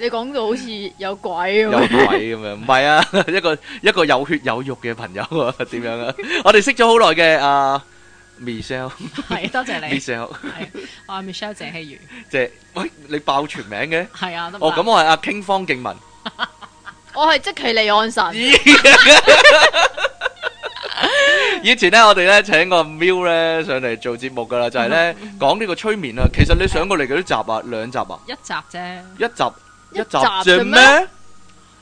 你講到好似有鬼咁，有鬼咁啊？唔係啊，一個一個有血有肉嘅朋友啊，點樣啊？我哋識咗好耐嘅阿 Michelle，係多 謝,謝你，Michelle，我係 Michelle 謝希如，即喂你爆全名嘅係 啊，哦咁我係阿、啊、King 方敬文， 我係即其李安神。 以前呢，我哋咧請個 Mi 咧上嚟做節目噶啦，就係咧講呢個催眠啊。其實你上過嚟幾多集啊，兩集啊， 一集啫，一集。一集啫咩？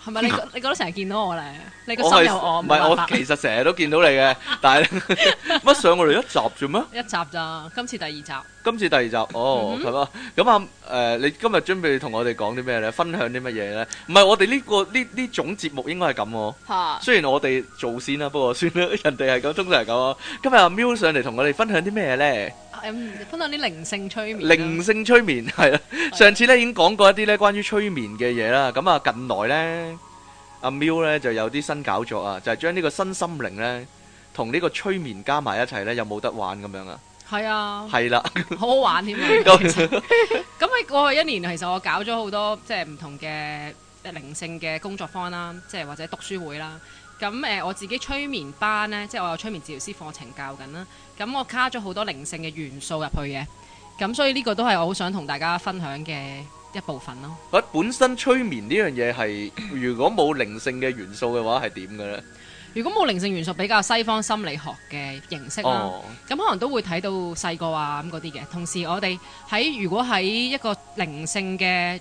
係咪你你覺得成日見到我咧？你個心又我唔係我其實成日都見到你嘅，但係乜上嚟一集啫咩？一集咋？今次第二集。今次第二集哦，係嘛？咁阿誒，你今日準備同我哋講啲咩咧？分享啲乜嘢咧？唔係我哋呢個呢呢種節目應該係咁，雖然我哋做先啦，不過算啦，人哋係咁，通常係咁。今日阿 Miu 上嚟同我哋分享啲咩咧？嗯，分享啲靈性催眠啊。靈性催眠係啊。啊上次咧已經講過一啲咧關於催眠嘅嘢啦。咁啊，近來咧阿 Miu 咧就有啲新搞作啊，就係將呢個新心靈咧同呢個催眠加埋一齊咧，有冇得玩咁樣啊？係啊，係啦，好好玩添啊！咁喺 其實 過去一年，其實我搞咗好多即係唔同嘅靈性嘅工作坊啦，即係或者讀書會啦。咁誒、呃，我自己催眠班呢，即係我有催眠治療師課程教緊啦。咁我加咗好多靈性嘅元素入去嘅。咁所以呢個都係我好想同大家分享嘅一部分咯。本身催眠呢樣嘢係，如果冇靈性嘅元素嘅話，係點嘅呢？如果冇靈性元素，比較西方心理學嘅形式啦。咁、哦、可能都會睇到細個啊咁嗰啲嘅。同時我哋喺如果喺一個靈性嘅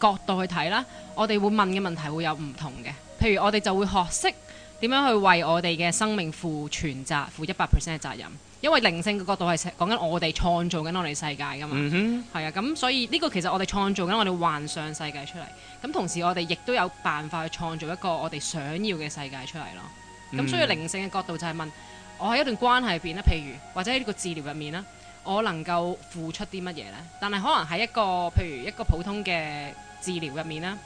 角度去睇啦，我哋會問嘅問題會有唔同嘅。譬如我哋就會學識。點樣去為我哋嘅生命負全責、負一百 percent 嘅責任？因為靈性嘅角度係講緊我哋創造緊我哋世界噶嘛，係啊、mm，咁、hmm. 所以呢個其實我哋創造緊我哋幻想世界出嚟，咁同時我哋亦都有辦法去創造一個我哋想要嘅世界出嚟咯。咁、mm hmm. 所以靈性嘅角度就係問我喺一段關係入邊咧，譬如或者喺呢個治療入面啦，我能夠付出啲乜嘢咧？但係可能喺一個譬如一個普通嘅治療入面啦。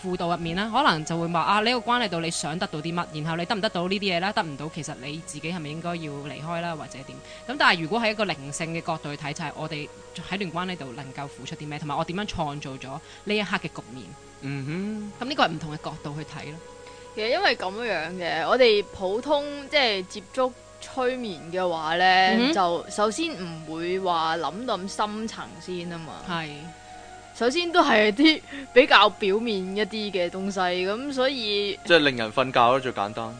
輔導入面啦，可能就會話啊，呢個關係到你想得到啲乜，然後你得唔得到呢啲嘢啦，得唔到，其實你自己係咪應該要離開啦，或者點？咁但係如果喺一個靈性嘅角度去睇，就係我哋喺段關係度能夠付出啲咩，同埋我點樣創造咗呢一刻嘅局面。嗯哼，咁呢個係唔同嘅角度去睇咯。其實因為咁樣嘅，我哋普通即係接觸催眠嘅話咧，嗯、哼就首先唔會話諗到咁深層先啊嘛。係。首先都係啲比較表面一啲嘅東西，咁所以即係令人瞓覺咯，最簡單。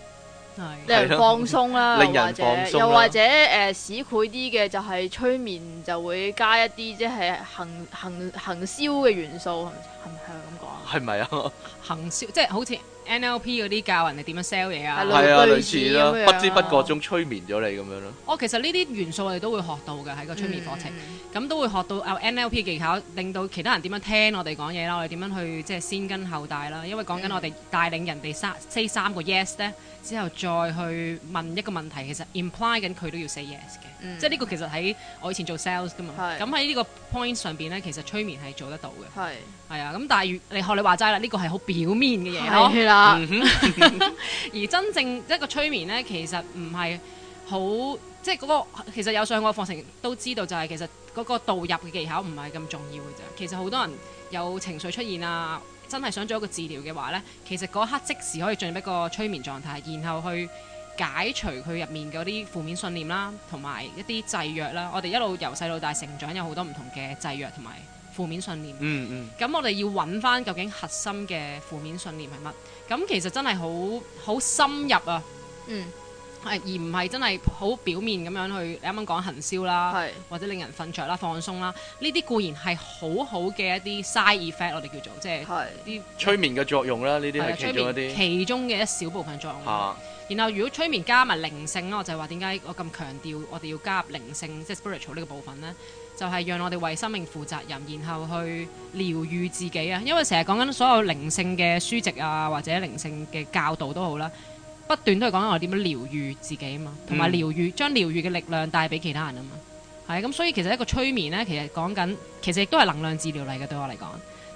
對 令人放鬆啦， 或者 又或者誒市儈啲嘅就係催眠，就會加一啲即係行行行銷嘅元素，係咪係咁講啊？係咪啊？行銷即係、就是、好似。NLP 嗰啲教人哋點樣 sell 嘢啊，係啊，類似咯，不知不覺中催眠咗你咁樣咯。哦，其實呢啲元素我哋都會學到嘅喺個催眠課程，咁都會學到 NLP 技巧，令到其他人點樣聽我哋講嘢啦，我哋點樣去即係先跟後帶啦。因為講緊我哋帶領人哋三 say 三個 yes 咧，之後再去問一個問題，其實 imply 緊佢都要 say yes 嘅。即係呢個其實喺我以前做 sales 噶嘛，咁喺呢個 point 上邊咧，其實催眠係做得到嘅。係係啊，咁但係你學你話齋啦，呢個係好表面嘅嘢咯。 而真正一個催眠呢，其實唔係好即係嗰、嗰個，其實有上過課程都知道，就係其實嗰個導入嘅技巧唔係咁重要嘅啫。其實好多人有情緒出現啊，真係想做一個治療嘅話呢，其實嗰刻即時可以進入一個催眠狀態，然後去解除佢入面嗰啲負面信念啦，同埋一啲制約啦。我哋一路由細到大成長，有好多唔同嘅制約同埋。負面信念。嗯嗯。咁、嗯、我哋要揾翻究竟核心嘅負面信念係乜？咁其實真係好好深入啊。嗯。係而唔係真係好表面咁樣去。你啱啱講行銷啦，係是或者令人瞓着啦、放鬆啦，呢啲固然係好好嘅一啲 side effect，我哋叫做即係啲是些催眠嘅作用啦、啊。呢啲係其中一啲其中嘅一小部分作用、啊。啊、然後如果催眠加埋靈性啦，我就話點解我咁強調我哋要加入靈性，即係 spiritual 呢個部分咧？就係讓我哋為生命負責任，然後去療愈自己啊！因為成日講緊所有靈性嘅書籍啊，或者靈性嘅教導都好啦，不斷都係講緊我點樣療愈自己啊嘛，同埋療愈，將療愈嘅力量帶俾其他人啊嘛，係咁，所以其實一個催眠咧，其實講緊，其實亦都係能量治療嚟嘅。對我嚟講，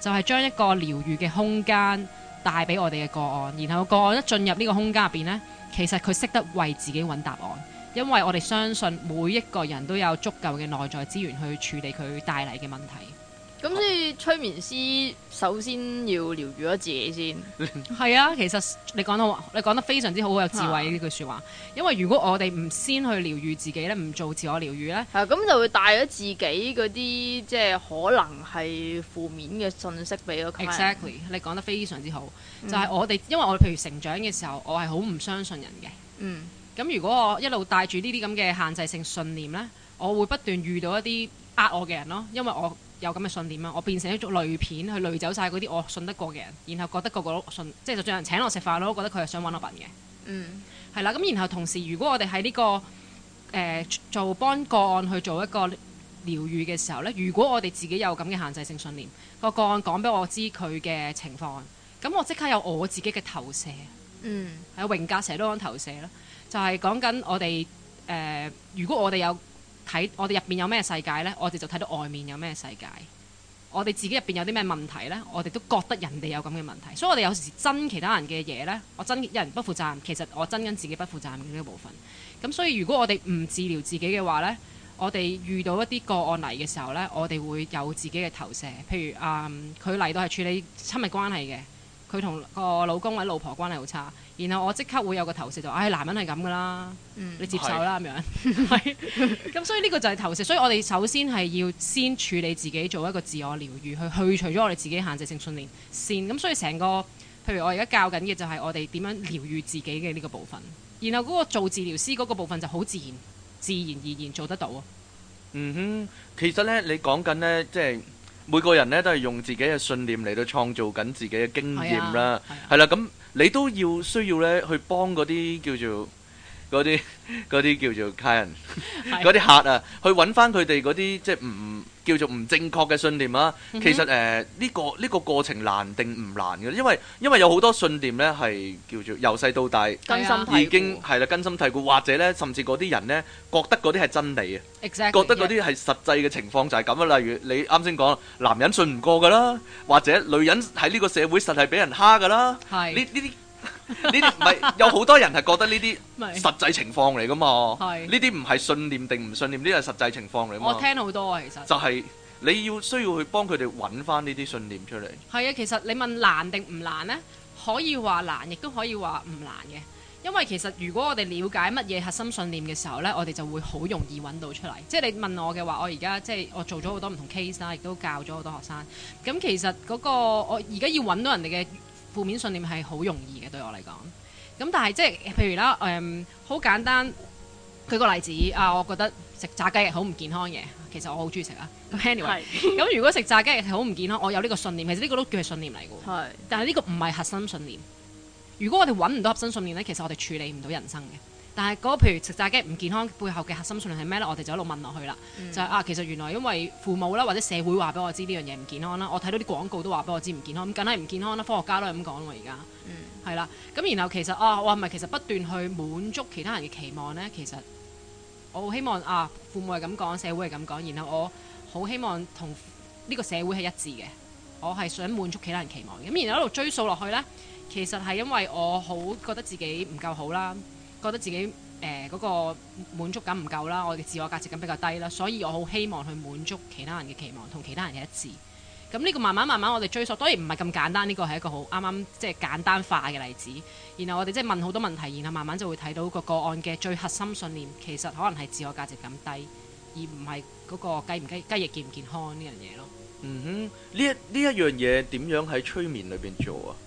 就係將一個療愈嘅空間帶俾我哋嘅個案，然後個案一進入呢個空間入邊咧，其實佢識得為自己揾答案。因為我哋相信每一個人都有足夠嘅內在資源去處理佢帶嚟嘅問題。咁所以催眠師首先要療愈咗自己先。係 啊，其實你講到你講得非常之好，好有智慧呢句説話。啊、因為如果我哋唔先去療愈自己咧，唔做自我療愈咧，係咁、啊、就會帶咗自己嗰啲即係可能係負面嘅信息俾個 client。Exactly，你講得非常之好。就係、是、我哋，嗯、因為我譬如成長嘅時候，我係好唔相信人嘅。嗯。咁如果我一路帶住呢啲咁嘅限制性信念呢，我會不斷遇到一啲呃我嘅人咯，因為我有咁嘅信念啊，我變成一種濾片去濾走晒嗰啲我信得過嘅人，然後覺得個個都信即係就將人請我食飯咯，覺得佢係想揾我笨嘅。嗯，係啦。咁然後同時，如果我哋喺呢個誒、呃、做幫個案去做一個療愈嘅時候呢，如果我哋自己有咁嘅限制性信念，個個案講俾我，我知佢嘅情況，咁我即刻有我自己嘅投射。嗯，係啊，榮格成日都講投射啦。就係講緊我哋誒、呃，如果我哋有睇我哋入面有咩世界呢？我哋就睇到外面有咩世界。我哋自己入邊有啲咩問題呢？我哋都覺得人哋有咁嘅問題。所以我哋有時憎其他人嘅嘢呢，我憎人不負責任，其實我憎緊自己不負責任嘅呢個部分。咁所以如果我哋唔治療自己嘅話呢，我哋遇到一啲個案嚟嘅時候呢，我哋會有自己嘅投射。譬如啊，佢嚟到係處理親密關係嘅。佢同個老公或者老婆關係好差，然後我即刻會有個投射就，唉、哎，男人係咁噶啦，嗯、你接受啦咁樣。咁係 所以呢個就係投射，所以我哋首先係要先處理自己，做一個自我療愈，去去除咗我哋自己限制性信念先。咁所以成個，譬如我而家教緊嘅就係我哋點樣療愈自己嘅呢個部分，然後嗰個做治療師嗰個部分就好自然，自然而然做得到。啊。嗯哼，其實咧，你講緊咧，即係。每個人咧都係用自己嘅信念嚟到創造緊自己嘅經驗啦，係啦、啊，咁、啊啊、你都要需要咧去幫嗰啲叫做嗰啲啲叫做 Kayan、啊、 客人嗰啲客啊，去搵返佢哋嗰啲即係唔。就是叫做唔正確嘅信念啊！其實誒呢個呢個過程難定唔難嘅，因為因為有好多信念呢係叫做由細到大，已經係啦根深蒂固，或者呢，甚至嗰啲人呢覺得嗰啲係真理啊，覺得嗰啲係實際嘅情況就係咁啊！例如你啱先講，男人信唔過噶啦，或者女人喺呢個社會實係俾人蝦噶啦，呢呢啲。呢啲唔係有好多人係覺得呢啲實際情況嚟㗎嘛？呢啲唔係信念定唔信念？呢個係實際情況嚟嘛！我聽好多啊，其實就係你要需要去幫佢哋揾翻呢啲信念出嚟。係啊，其實你問難定唔難呢？可以話難，亦都可以話唔難嘅。因為其實如果我哋了解乜嘢核心信念嘅時候呢，我哋就會好容易揾到出嚟。即係你問我嘅話，我而家即係我做咗好多唔同 case 啦，亦都教咗好多學生。咁其實嗰個我而家要揾到人哋嘅。負面信念係好容易嘅，對我嚟講。咁、嗯、但係即係譬如啦，誒、嗯、好簡單，舉個例子啊，我覺得食炸雞係好唔健康嘅。其實我好中意食啊。咁，anyway，咁 如果食炸雞係好唔健康，我有呢個信念，其實呢個都叫係信念嚟㗎。 但係呢個唔係核心信念。如果我哋揾唔到核心信念呢，其實我哋處理唔到人生嘅。但係嗰譬如食炸雞唔健康，背後嘅核心信念係咩咧？我哋就一路問落去啦，嗯、就係、是、啊，其實原來因為父母啦或者社會話俾我知呢樣嘢唔健康啦，我睇到啲廣告都話俾我知唔健康，咁梗係唔健康啦，科學家都係咁講喎，而家，係啦、嗯，咁、嗯、然後其實啊，我係咪其實不斷去滿足其他人嘅期望咧，其實我好希望啊，父母係咁講，社會係咁講，然後我好希望同呢個社會係一致嘅，我係想滿足其他人期望，咁、嗯、然後一路追溯落去咧，其實係因為我好覺得自己唔夠好啦。覺得自己誒嗰、呃嗰個滿足感唔夠啦，我嘅自我價值感比較低啦，所以我好希望去滿足其他人嘅期望，同其他人嘅一致。咁呢個慢慢慢慢我哋追溯，當然唔係咁簡單，呢、呢個係一個好啱啱即係簡單化嘅例子。然後我哋即係問好多問題，然後慢慢就會睇到個個案嘅最核心信念，其實可能係自我價值感低，而唔係嗰個雞唔雞雞翼健唔健康呢樣嘢咯。嗯哼，呢一呢一樣嘢點樣喺催眠裏邊做啊？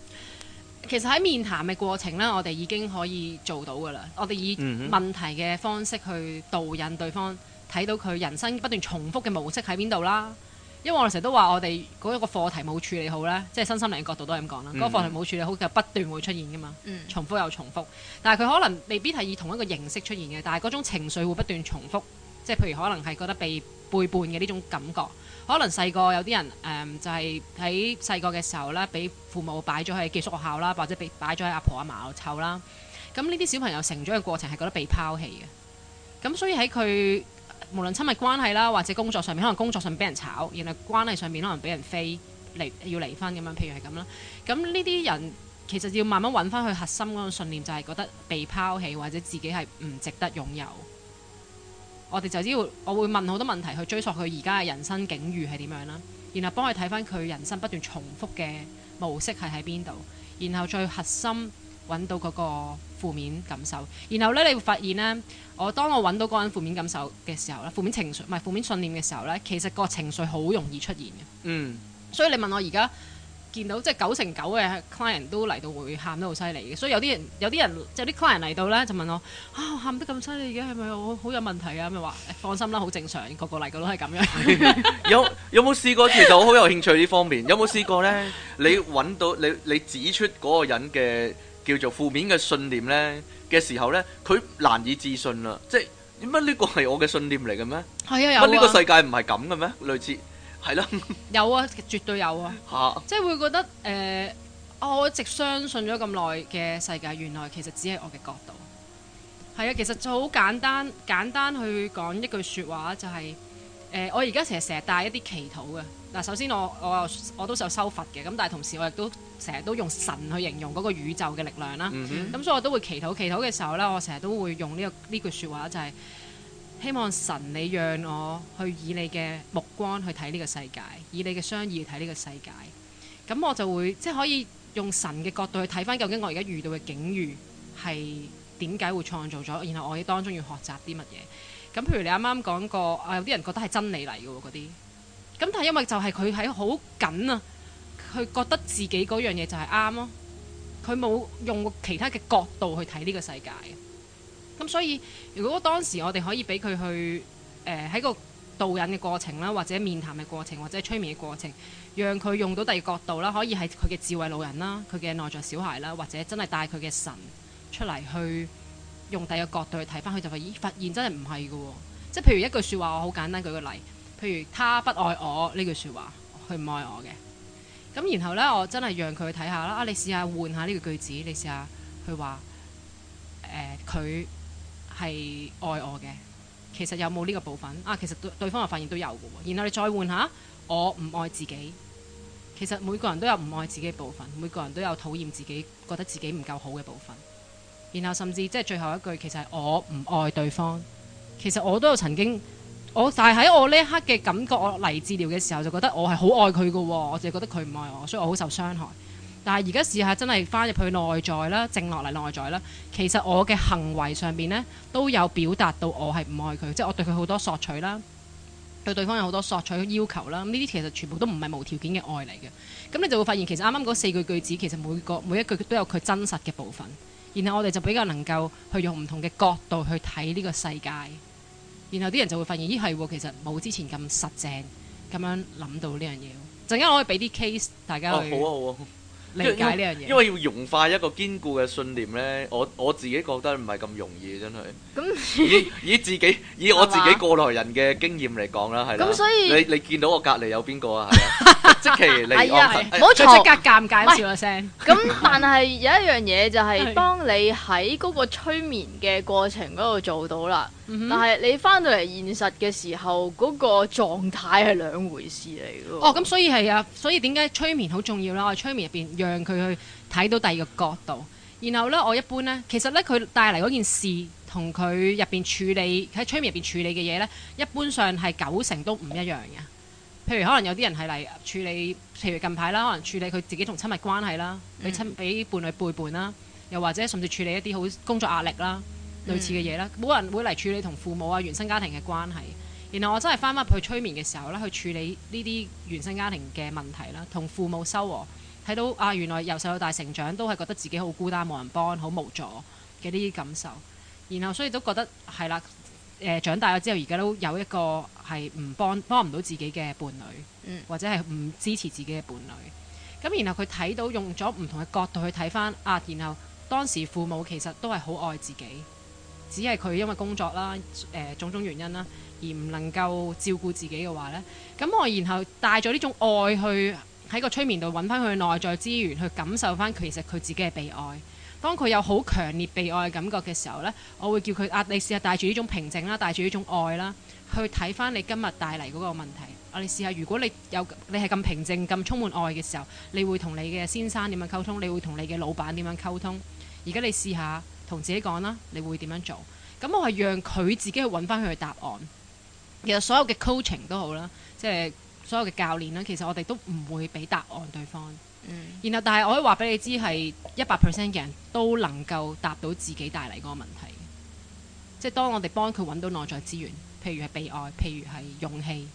其實喺面談嘅過程咧，我哋已經可以做到噶啦。我哋以問題嘅方式去導引對方，睇到佢人生不斷重複嘅模式喺邊度啦。因為我哋成日都話，我哋嗰一個課題冇處理好啦，即係身心靈角度都係咁講啦。嗰、嗯、個課題冇處理好，就不斷會出現噶嘛，嗯、重複又重複。但係佢可能未必係以同一個形式出現嘅，但係嗰種情緒會不斷重複。即係譬如可能係覺得被背叛嘅呢種感覺。可能細個有啲人，誒、嗯、就係喺細個嘅時候咧，俾父母擺咗喺寄宿學校啦，或者俾擺咗喺阿婆阿嫲度湊啦。咁呢啲小朋友成長嘅過程係覺得被拋棄嘅。咁所以喺佢無論親密關係啦，或者工作上面，可能工作上俾人炒，然後關係上面可能俾人飛離要離婚咁樣，譬如係咁啦。咁呢啲人其實要慢慢揾翻佢核心嗰種信念，就係、是、覺得被拋棄或者自己係唔值得擁有。我哋就知要我會問好多問題去追溯佢而家嘅人生境遇係點樣啦，然後幫佢睇翻佢人生不斷重複嘅模式係喺邊度，然後再核心揾到嗰個負面感受，然後咧你會發現咧，我當我揾到嗰個負面感受嘅時候咧，負面情緒唔係負面信念嘅時候咧，其實個情緒好容易出現嘅。嗯。所以你問我而家？見到即係九成九嘅 client 人都嚟到會喊得好犀利嘅，所以有啲人有啲人有啲 client 嚟到咧就問我啊，喊得咁犀利嘅係咪我好有問題啊？咁咪話放心啦，好正常，個個嚟到都係咁樣。有有冇試過？其實我好有興趣呢方面。有冇試過咧？你揾到你你指出嗰個人嘅叫做負面嘅信念咧嘅時候咧，佢難以置信啦。即係點解呢個係我嘅信念嚟嘅咩？點解呢個世界唔係咁嘅咩？類似。係咯， 有啊，絕對有啊， 即係會覺得誒、呃，我一直相信咗咁耐嘅世界，原來其實只係我嘅角度。係啊，其實就好簡單，簡單去講一句說話就係、是、誒、呃，我而家成日成日帶一啲祈禱嘅。嗱，首先我我我都有修佛嘅，咁但係同時我亦都成日都用神去形容嗰個宇宙嘅力量啦。咁、嗯、哼所以我都會祈禱祈禱嘅時候咧，我成日都會用呢、這個呢句說話就係、是。希望神你讓我去以你嘅目光去睇呢個世界，以你嘅雙耳睇呢個世界。咁我就會即係可以用神嘅角度去睇翻，究竟我而家遇到嘅境遇係點解會創造咗，然後我當中要學習啲乜嘢？咁譬如你啱啱講過，啊，有啲人覺得係真理嚟嘅嗰啲，咁但係因為就係佢喺好緊啊，佢覺得自己嗰樣嘢就係啱咯，佢冇用其他嘅角度去睇呢個世界。咁所以，如果當時我哋可以俾佢去，誒、呃、喺個導引嘅過程啦，或者面談嘅過程，或者催眠嘅過程，讓佢用到第二角度啦，可以係佢嘅智慧老人啦，佢嘅內在小孩啦，或者真係帶佢嘅神出嚟去用第二角度去睇返佢，就發發現真係唔係㗎喎。即係譬如一句説話，我好簡單舉個例，譬如他不愛我呢句説話，佢唔愛我嘅。咁然後呢，我真係讓佢睇下啦，啊你試下換下呢句句子，你試下去話佢。呃係愛我嘅，其實有冇呢個部分啊？其實對對方嘅發現都有嘅。然後你再換下，我唔愛自己，其實每個人都有唔愛自己嘅部分，每個人都有討厭自己、覺得自己唔夠好嘅部分。然後甚至即係最後一句，其實係我唔愛對方。其實我都有曾經，我但係喺我呢一刻嘅感覺，我嚟治療嘅時候就覺得我係好愛佢㗎，我淨係覺得佢唔愛我，所以我好受傷害。但係而家試下，真係翻入去內在啦，靜落嚟內在啦。其實我嘅行為上邊呢，都有表達到我係唔愛佢，即係我對佢好多索取啦，對對方有好多索取要求啦。嗯，呢啲其實全部都唔係無條件嘅愛嚟嘅。咁你就會發現，其實啱啱嗰四句句子其實每個每一句都有佢真實嘅部分。然後我哋就比較能夠去用唔同嘅角度去睇呢個世界。然後啲人就會發現，咦係喎，其實冇之前咁實正咁樣諗到呢樣嘢。陣間我可以俾啲 case 大家。啊，好啊，好啊。理解呢樣嘢，因為要融化一個堅固嘅信念咧，我我自己覺得唔係咁容易，真係。咁那你 以以自己以我自己過來人嘅經驗嚟講啦，係啦吧。咁了所以你你見到我隔籬有邊個啊？係啊。 即其、哎哎哎哎、好我，冇錯，尷尬笑一聲。咁但係有一樣嘢就係、是，當你喺嗰個催眠嘅過程嗰度做到啦，嗯、但係你翻到嚟現實嘅時候，嗰、那個狀態係兩回事嚟嘅。哦，咁所以係啊，所以點解催眠好重要啦？我喺催眠入邊，讓佢去睇到第二個角度。然後咧，我一般咧，其實咧佢帶嚟嗰件事，同佢入邊處理喺催眠入邊處理嘅嘢咧，一般上係九成都唔一樣嘅。譬如可能有啲人係嚟處理，譬如近排啦，可能處理佢自己同親密關係啦，俾親俾伴侶背叛啦，又或者甚至處理一啲好工作壓力啦，類似嘅嘢啦，冇、嗯、人會嚟處理同父母啊原生家庭嘅關係。然後我真係翻翻去催眠嘅時候咧，去處理呢啲原生家庭嘅問題啦，同父母收和，睇到啊原來由細到大成長都係覺得自己好孤單冇人幫，好無助嘅呢啲感受。然後所以都覺得係啦。誒、呃、長大咗之後，而家都有一個係唔幫幫唔到自己嘅伴侶，或者係唔支持自己嘅伴侶。咁、嗯、然後佢睇到用咗唔同嘅角度去睇翻，啊！然後當時父母其實都係好愛自己，只係佢因為工作啦、誒、呃、種種原因啦，而唔能夠照顧自己嘅話咧，咁、嗯、我然後帶咗呢種愛去喺個催眠度揾翻佢內在資源，去感受翻其實佢自己嘅被愛。當佢有好強烈被愛嘅感覺嘅時候呢，我會叫佢啊，你試下帶住呢種平靜啦，帶住呢種愛啦，去睇翻你今日帶嚟嗰個問題。我哋試下，如果你有你係咁平靜、咁充滿愛嘅時候，你會同你嘅先生點樣溝通？你會同你嘅老闆點樣溝通？而家你試下同自己講啦，你會點樣做？咁我係讓佢自己去揾翻佢嘅答案。其實所有嘅 coaching 都好啦，即係所有嘅教練啦，其實我哋都唔會俾答案對方。嗯、然後但係我可以話俾你知係一百 percent 嘅人都能夠答到自己帶嚟嗰個問題，即係當我哋幫佢揾到內在資源，譬如係被愛，譬如係勇氣，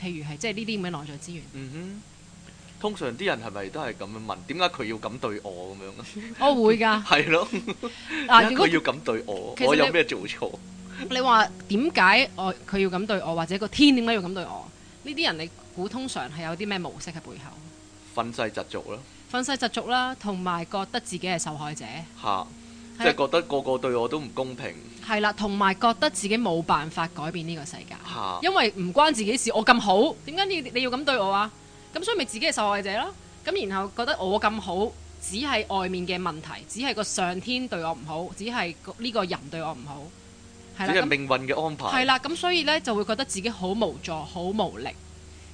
譬如係即係呢啲咁嘅內在資源。嗯哼、通常啲人係咪都係咁樣問？點解佢要咁對我咁樣我會噶，係咯。啊，如果要咁對我，我有咩做錯？你話點解佢要咁對我，或者個天點解要咁對我？呢啲人你估通常係有啲咩模式喺背後？憤世嫉俗啦，憤世嫉俗啦，同埋覺得自己係受害者，嚇，即係覺得個個對我都唔公平，係啦，同埋覺得自己冇辦法改變呢個世界，嚇，因為唔關自己事，我咁好，點解你你要咁對我啊？咁所以咪自己係受害者咯？咁然後覺得我咁好，只係外面嘅問題，只係個上天對我唔好，只係呢個人對我唔好，係啦，只係命運嘅安排，係啦，咁所以呢就會覺得自己好無助，好無力。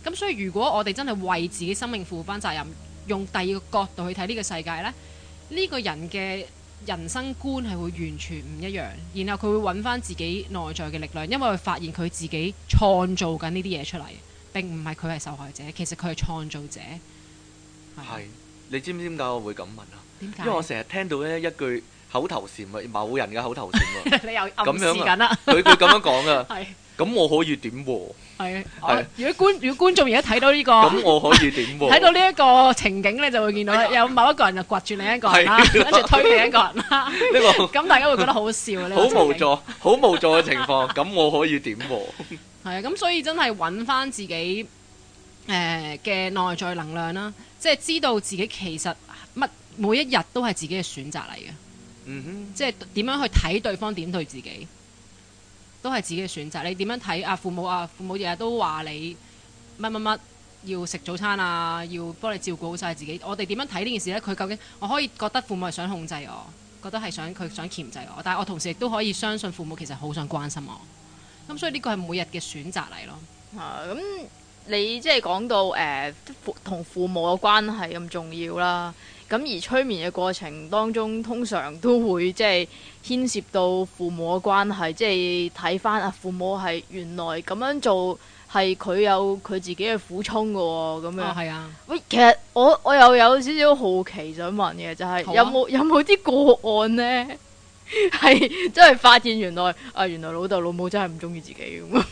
咁所以如果我哋真係為自己生命負翻責任，用第二個角度去睇呢個世界咧，呢個人嘅人生觀係會完全唔一樣，然後佢會揾翻自己內在嘅力量，因為佢發現佢自己創造緊呢啲嘢出嚟，並唔係佢係受害者，其實佢係創造者。係，你知唔知點解我會咁問啊？點解？因為我成日聽到咧一句口頭禪啊，某人嘅口頭禪啊，你又暗示緊啦？佢佢咁樣講噶。咁我可以點喎？係啊，如果觀如果觀眾而家睇到呢個，咁我可以點喎？睇到呢一個情景咧，就會見到有某一個人就掘住另一個人啦，跟住推另一個人啦。呢個咁大家會覺得好笑，好無助，好無助嘅情況，咁我可以點喎？係啊，咁所以真係揾返自己誒嘅內在能量啦，即係知道自己其實乜每一日都係自己嘅選擇嚟嘅。嗯哼，即係點樣去睇對方點對自己？都係自己嘅選擇。你點樣睇啊？父母啊，父母日日都話你乜乜乜要食早餐啊，要幫你照顧好晒自己。我哋點樣睇呢件事呢？佢究竟我可以覺得父母係想控制我，覺得係想佢想鉗制我，但係我同時亦都可以相信父母其實好想關心我。咁所以呢個係每日嘅選擇嚟咯。啊，咁你即係講到誒同、呃、父母嘅關係咁重要啦。咁而催眠嘅過程當中，通常都會即係牽涉到父母嘅關係，即係睇翻啊父母係原來咁樣做，係佢有佢自己嘅苦衷嘅喎、哦，咁樣。哦，係啊。喂，其實我我又有少少好奇想問嘅，就係、是、有冇有冇啲、啊、個案呢？係 真係發現原來啊原來老豆老母真係唔中意自己咁啊？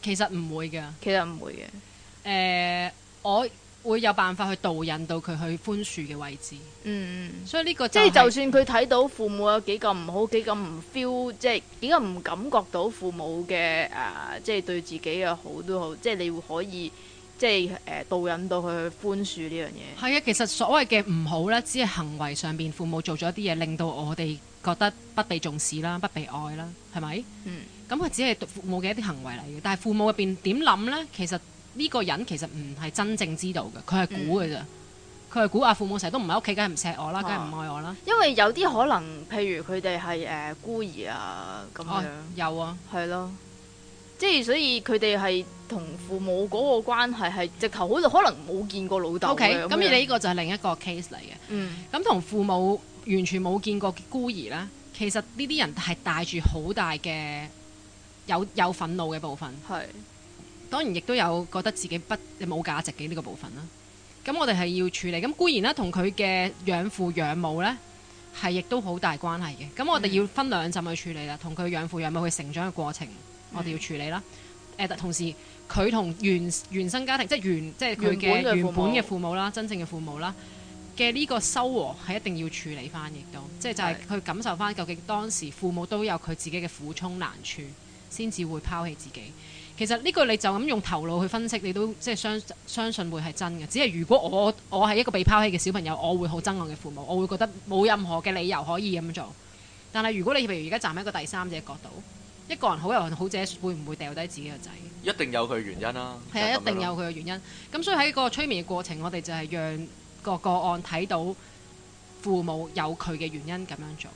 其實唔會嘅，其實唔會嘅。誒、呃，我。會有辦法去導引到佢去寬恕嘅位置，嗯，所以呢個即係，即係就算佢睇到父母有幾咁唔好，幾咁唔 feel，即係點解唔感覺到父母嘅誒，即係對自己嘅好都好，即係你會可以即係誒導引到佢去寬恕呢樣嘢。係啊，其實所謂嘅唔好咧，只係行為上邊父母做咗一啲嘢，令到我哋覺得不被重視啦，不被愛啦，係咪？嗯。咁佢只係父母嘅一啲行為嚟嘅，但係父母入邊點諗咧？其實。呢個人其實唔係真正知道嘅，佢係估嘅啫。佢係估阿父母成日都唔喺屋企，梗係唔錫我啦，梗係唔愛我啦。因為有啲可能，譬如佢哋係誒孤兒啊咁樣、哦，有啊，係咯，即係所以佢哋係同父母嗰個關係係直頭，可能冇見過老豆嘅。咁 Okay, 而你呢個就係另一個 case 嚟嘅。咁同、嗯、父母完全冇見過孤兒啦，其實呢啲人係帶住好大嘅有有憤怒嘅部分係。當然亦都有覺得自己不冇價值嘅呢個部分啦。咁我哋係要處理。咁固然啦，同佢嘅養父養母呢，係亦都好大關係嘅。咁我哋要分兩陣去處理啦。同佢養父養母佢成長嘅過程，我哋要處理啦。同時佢同原，原生家庭，即係原即係佢嘅原本嘅父，父母啦，真正嘅父母啦嘅呢個修和係一定要處理返，亦都即係就係佢感受返究竟當時父母都有佢自己嘅苦衷難處，先至會拋棄自己。其實呢個你就咁用頭腦去分析，你都即係相相信會係真嘅。只係如果我我係一個被拋棄嘅小朋友，我會好憎我嘅父母，我會覺得冇任何嘅理由可以咁做。但係如果你譬如而家站喺一個第三者角度，一個人好有好者，會唔會掉低自己個仔？一定有佢原因啦，啊。係，啊，一定有佢嘅原因。咁所以喺個催眠嘅過程，我哋就係讓個個案睇到父母有佢嘅原因，咁樣做。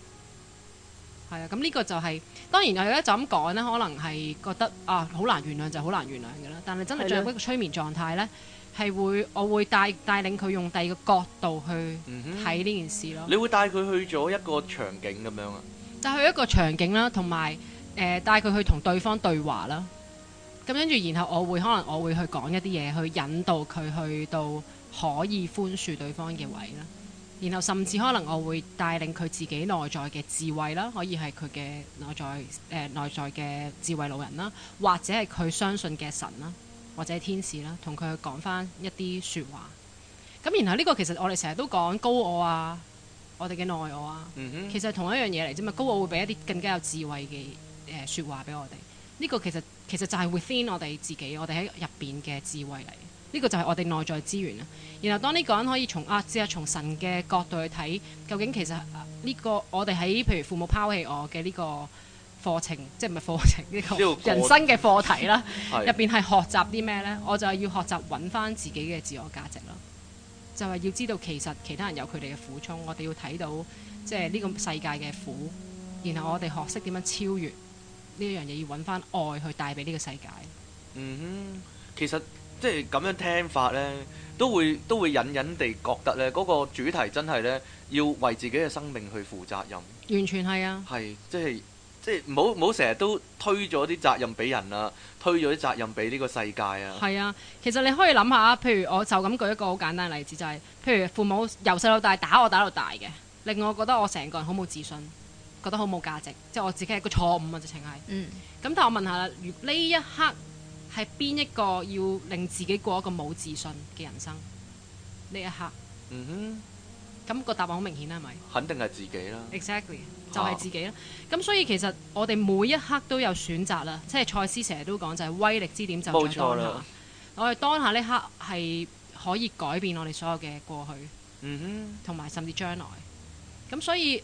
係啊，咁呢、嗯這個就係、是、當然，我而家就咁講咧，可能係覺得啊，好難原諒就好難原諒嘅啦。但係真係進入一個催眠狀態咧，係會我會帶帶領佢用第二個角度去睇呢件事咯、嗯。你會帶佢去咗一個場景咁樣啊？就去一個場景啦，同埋誒帶佢去同對方對話啦。咁跟住，然後我會可能我會去講一啲嘢去引導佢去到可以寬恕對方嘅位啦。然後甚至可能我會帶領佢自己內在嘅智慧啦，可以係佢嘅內在誒內在嘅智慧老人啦，或者係佢相信嘅神啦，或者天使啦，同佢去講返一啲説話。咁然後呢個其實我哋成日都講高我啊，我哋嘅內我啊，其實係同一樣嘢嚟啫嘛。高我會俾一啲更加有智慧嘅誒説話俾我哋。呢個其實其實就係 within 我哋自己，我哋喺入邊嘅智慧嚟。呢個就係我哋內在資源啦。然後當呢個人可以從啊，即係從神嘅角度去睇，究竟其實呢個我哋喺譬如父母拋棄我嘅呢個課程，即係唔係課程，呢個人生嘅課題啦，入邊係學習啲咩呢？我就係要學習揾翻自己嘅自我價值囉。就係要知道其實其他人有佢哋嘅苦衷，我哋要睇到即係呢個世界嘅苦，然後我哋學識點樣超越呢一樣嘢，要揾翻愛去帶俾呢個世界。嗯哼，其實。即係咁樣聽法咧，都會都會隱隱地覺得咧，嗰個主題真係咧，要為自己嘅生命去負責任。完全係啊！係即係即係，唔好唔好成日都推咗啲責任俾人啊，推咗啲責任俾呢個世界啊！係啊，其實你可以諗下，譬如我就咁舉一個好簡單例子，就係譬如父母由細到大打我打到大嘅，令我覺得我成個人好冇自信，覺得好冇價值，即係我自己係個錯誤啊，直情係。嗯。咁但係我問下啦，如呢一刻？係邊一個要令自己過一個冇自信嘅人生呢一刻？嗯哼，咁個答案好明顯啦，係咪？肯定係自己啦。Exactly，就係自己啦。咁、啊、所以其實我哋每一刻都有選擇啦。即係賽斯成日都講就係威力之點就喺當下。我哋當下呢刻係可以改變我哋所有嘅過去。嗯哼，同埋甚至將來咁，所以。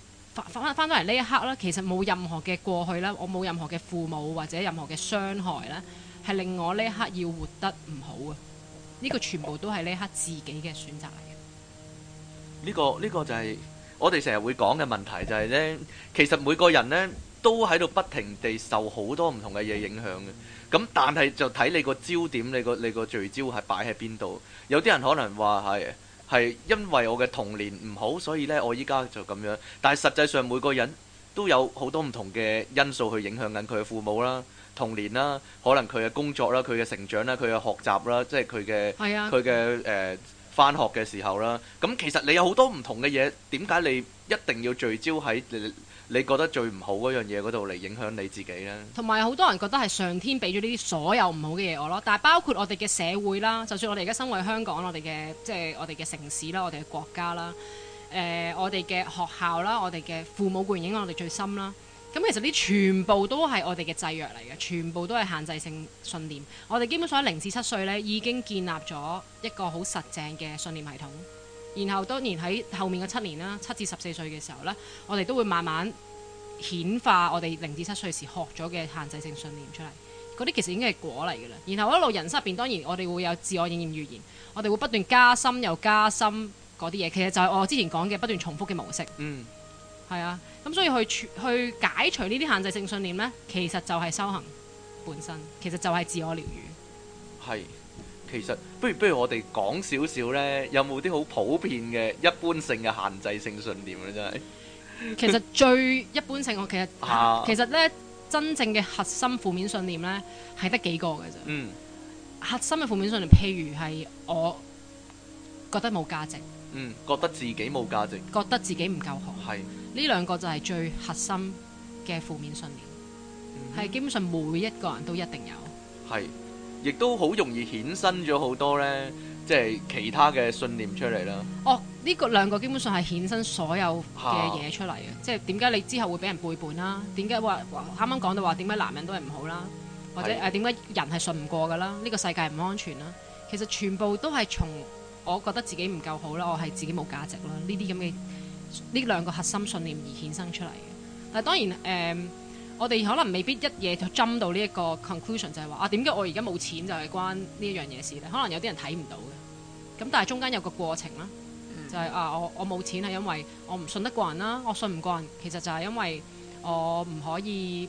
翻翻翻到嚟呢一刻啦，其實冇任何嘅過去啦，我冇任何嘅父母或者任何嘅傷害啦，係令我呢一刻要活得唔好啊！呢個全部都係呢一刻自己嘅選擇嚟嘅。呢個呢個就係我哋成日會講嘅問題，就係咧，其實每個人咧都喺度不停地受好多唔同嘅嘢影響嘅。咁但係就睇你個焦點，你個你個聚焦係擺喺邊度。有啲人可能話：「係。係因為我嘅童年唔好，所以呢，我依家就咁樣。但係實際上每個人都有好多唔同嘅因素去影響緊佢嘅父母啦、童年啦、可能佢嘅工作啦、佢嘅成長啦、佢嘅學習啦，即係佢嘅佢嘅誒返學嘅時候啦。咁、嗯、其實你有好多唔同嘅嘢，點解你一定要聚焦喺你覺得最唔好嗰樣嘢嗰度嚟影響你自己啦，同埋好多人覺得係上天俾咗呢啲所有唔好嘅嘢我咯，但係包括我哋嘅社會啦，就算我哋而家身為香港，我哋嘅即係我哋嘅城市啦，我哋嘅國家啦，誒、呃、我哋嘅學校啦，我哋嘅父母固然影響我哋最深啦，咁其實呢全部都係我哋嘅制約嚟嘅，全部都係限制性信念。我哋基本上喺零至七歲咧已經建立咗一個好實淨嘅信念系統。然後當然喺後面嘅七年啦，七至十四歲嘅時候呢，我哋都會慢慢顯化我哋零至七歲時學咗嘅限制性信念出嚟。嗰啲其實已經係果嚟㗎啦。然後一路人生入邊，當然我哋會有自我應驗預言，我哋會不斷加深又加深嗰啲嘢。其實就係我之前講嘅不斷重複嘅模式。嗯。係啊，咁所以去去解除呢啲限制性信念呢，其實就係修行本身，其實就係自我療愈。係。其實，不如不如我哋講少少咧，有冇啲好普遍嘅一般性嘅限制性信念咧？真係，其實最一般性，我其實、啊、其實咧真正嘅核心負面信念咧係得幾個嘅啫。嗯，核心嘅負面信念，譬如係我覺得冇價值，嗯，覺得自己冇價值，覺得自己唔夠好，係呢兩個就係最核心嘅負面信念，係、嗯、哼基本上每一個人都一定有，係是。是亦都好容易衍生咗好多呢，即係其他嘅信念出嚟啦。哦，呢個兩個基本上係衍生所有嘅嘢出嚟嘅，啊、即係點解你之後會俾人背叛啦、啊？點解話啱啱講到話點解男人都係唔好啦、啊？或者誒點解人係信唔過㗎啦、啊？呢、這個世界唔安全啦、啊。其實全部都係從我覺得自己唔夠好啦，我係自己冇價值啦、啊。呢啲咁嘅呢兩個核心信念而衍生出嚟嘅。但當然誒。呃我哋可能未必一嘢就 jump 到呢一個 conclusion，就係話啊點解我而家冇錢就係關呢一樣嘢事咧？可能有啲人睇唔到嘅，咁但係中間有個過程啦，就係、是、啊我我冇錢係因為我唔信得過人啦，我信唔過人，其實就係因為我唔可以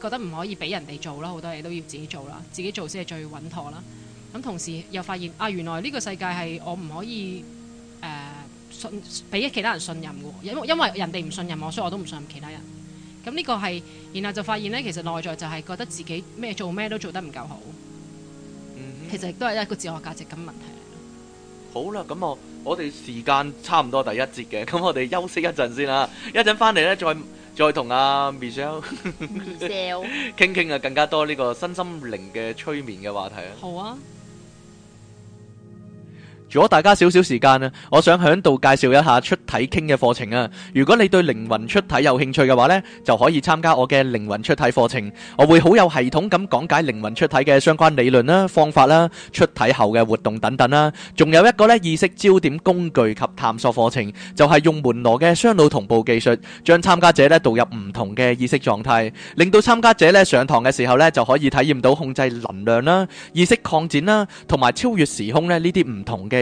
覺得唔可以俾人哋做啦，好多嘢都要自己做啦，自己做先係最穩妥啦。咁同時又發現啊原來呢個世界係我唔可以誒、呃、信俾其他人信任嘅，因因為人哋唔信任我，所以我都唔信任其他人。咁呢個係，然後就發現咧，其實內在就係覺得自己咩做咩都做得唔夠好，嗯、哼其實亦都係一個自我價值嘅問題。好啦，咁我我哋時間差唔多第一節嘅，咁我哋休息一陣先啦，一陣翻嚟咧再再同阿 Michelle 傾傾啊， 更加多呢個身心靈嘅催眠嘅話題啊。好啊。如果大家少少時間啊，我想喺度介紹一下出體傾嘅課程啊。如果你對靈魂出體有興趣嘅話咧，就可以參加我嘅靈魂出體課程。我會好有系統咁講解靈魂出體嘅相關理論啦、方法啦、出體後嘅活動等等啦。仲有一個咧意識焦點工具及探索課程，就係用門羅嘅雙腦同步技術，將參加者咧導入唔同嘅意識狀態，令到參加者咧上堂嘅時候咧就可以體驗到控制能量啦、意識擴展啦，同埋超越時空咧呢啲唔同嘅。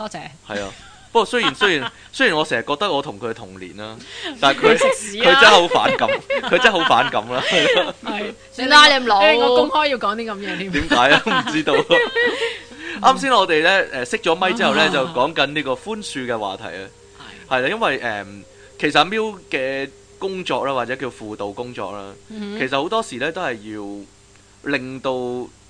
多謝係 啊，不過雖然雖然雖然我成日覺得我同佢係同年啦，但係佢佢真係好反感，佢真係好反感啦。係算啦，你唔攞、欸、我公開要講啲咁嘢添。點解啊？唔知道。啱先 我哋咧誒，熄咗咪之後咧，就講緊呢個寬恕嘅話題 啊。係啦，因為誒、嗯，其實阿 m i 嘅工作咧，或者叫輔導工作啦， 其實好多時咧都係要令到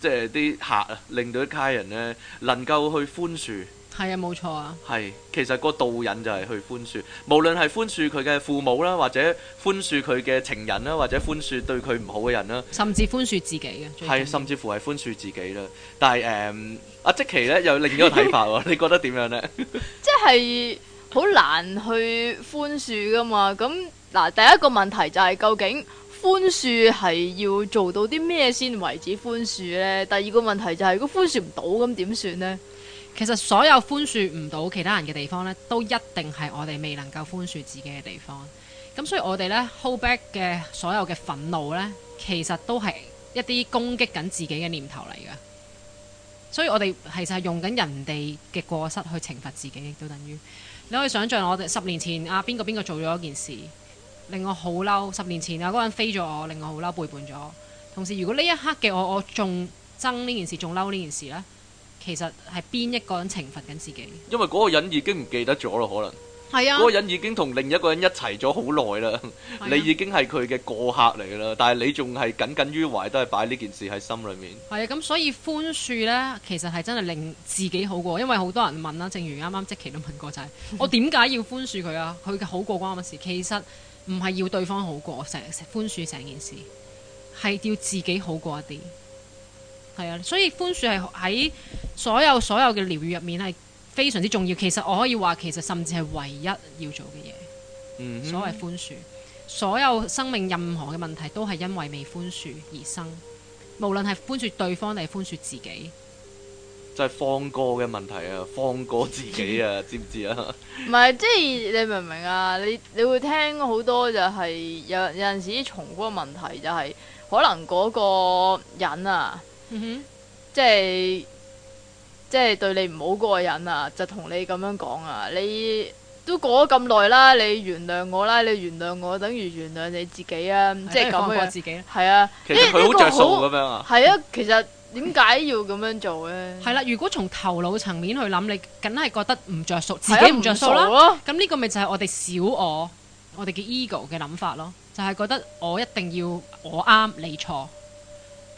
即係啲客啊，令到啲客人咧能夠去寬恕。係啊，冇錯啊。係，其實個導引就係去寬恕，無論係寬恕佢嘅父母啦，或者寬恕佢嘅情人啦，或者寬恕對佢唔好嘅人啦，甚至寬恕自己嘅。係，甚至乎係寬恕自己啦。但係誒、嗯，阿即奇咧又另一個睇法， 你覺得點樣呢？ 即係好難去寬恕噶嘛？咁嗱，第一個問題就係究竟寬恕係要做到啲咩先為止寬恕呢？第二個問題就係如果寬恕唔到咁點算呢？其實所有寬恕唔到其他人嘅地方咧，都一定係我哋未能夠寬恕自己嘅地方。咁所以我哋咧 hold back 嘅所有嘅憤怒咧，其實都係一啲攻擊緊自己嘅念頭嚟噶。所以我哋其實係用緊人哋嘅過失去懲罰自己，亦都等於你可以想象我哋十年前啊邊個邊個做咗一件事令我好嬲，十年前啊嗰人飛咗我，令我好嬲背叛咗我。同時如果呢一刻嘅我，我仲憎呢件事，仲嬲呢件事咧？其實係邊一個人懲罰緊自己？因為嗰個人已經唔記得咗啦，可能。係啊。嗰個人已經同另一個人一齊咗好耐啦，啊、你已經係佢嘅過客嚟啦，但係你仲係耿耿於懷，都係擺呢件事喺心裏面。係啊，咁所以寬恕咧，其實係真係令自己好過，因為好多人問啦，正如啱啱積琪都問過就係、是，我點解要寬恕佢啊？佢 好過關我嘅事。其實唔係要對方好過，成寬恕成件事係要自己好過一啲。係啊，所以寬恕係喺所有所有嘅療癒入面係非常之重要。其實我可以話，其實甚至係唯一要做嘅嘢。嗯哼，所謂寬恕，所有生命任何嘅問題都係因為未寬恕而生，無論係寬恕對方定係寬恕自己，即係放過嘅問題啊，放過自己啊， 知唔知啊？唔 係，即係你明唔明啊？你你會聽好多就係有有陣時重複嘅問題，就係可能嗰個人啊。嗯哼，即係即係對你唔好嗰個人啊，就同你咁樣講啊，你都過咗咁耐啦，你原諒我啦，你原諒我等於原諒你自己啊，即係咁樣，係啊，因為呢個好咁樣啊，係啊，其實點解要咁樣做咧？係啦，如果從頭腦層面去諗，你梗係覺得唔着數，自己唔着數啦，咁呢個咪就係我哋小我，我哋嘅 ego 嘅諗法咯，就係覺得我一定要我啱你錯。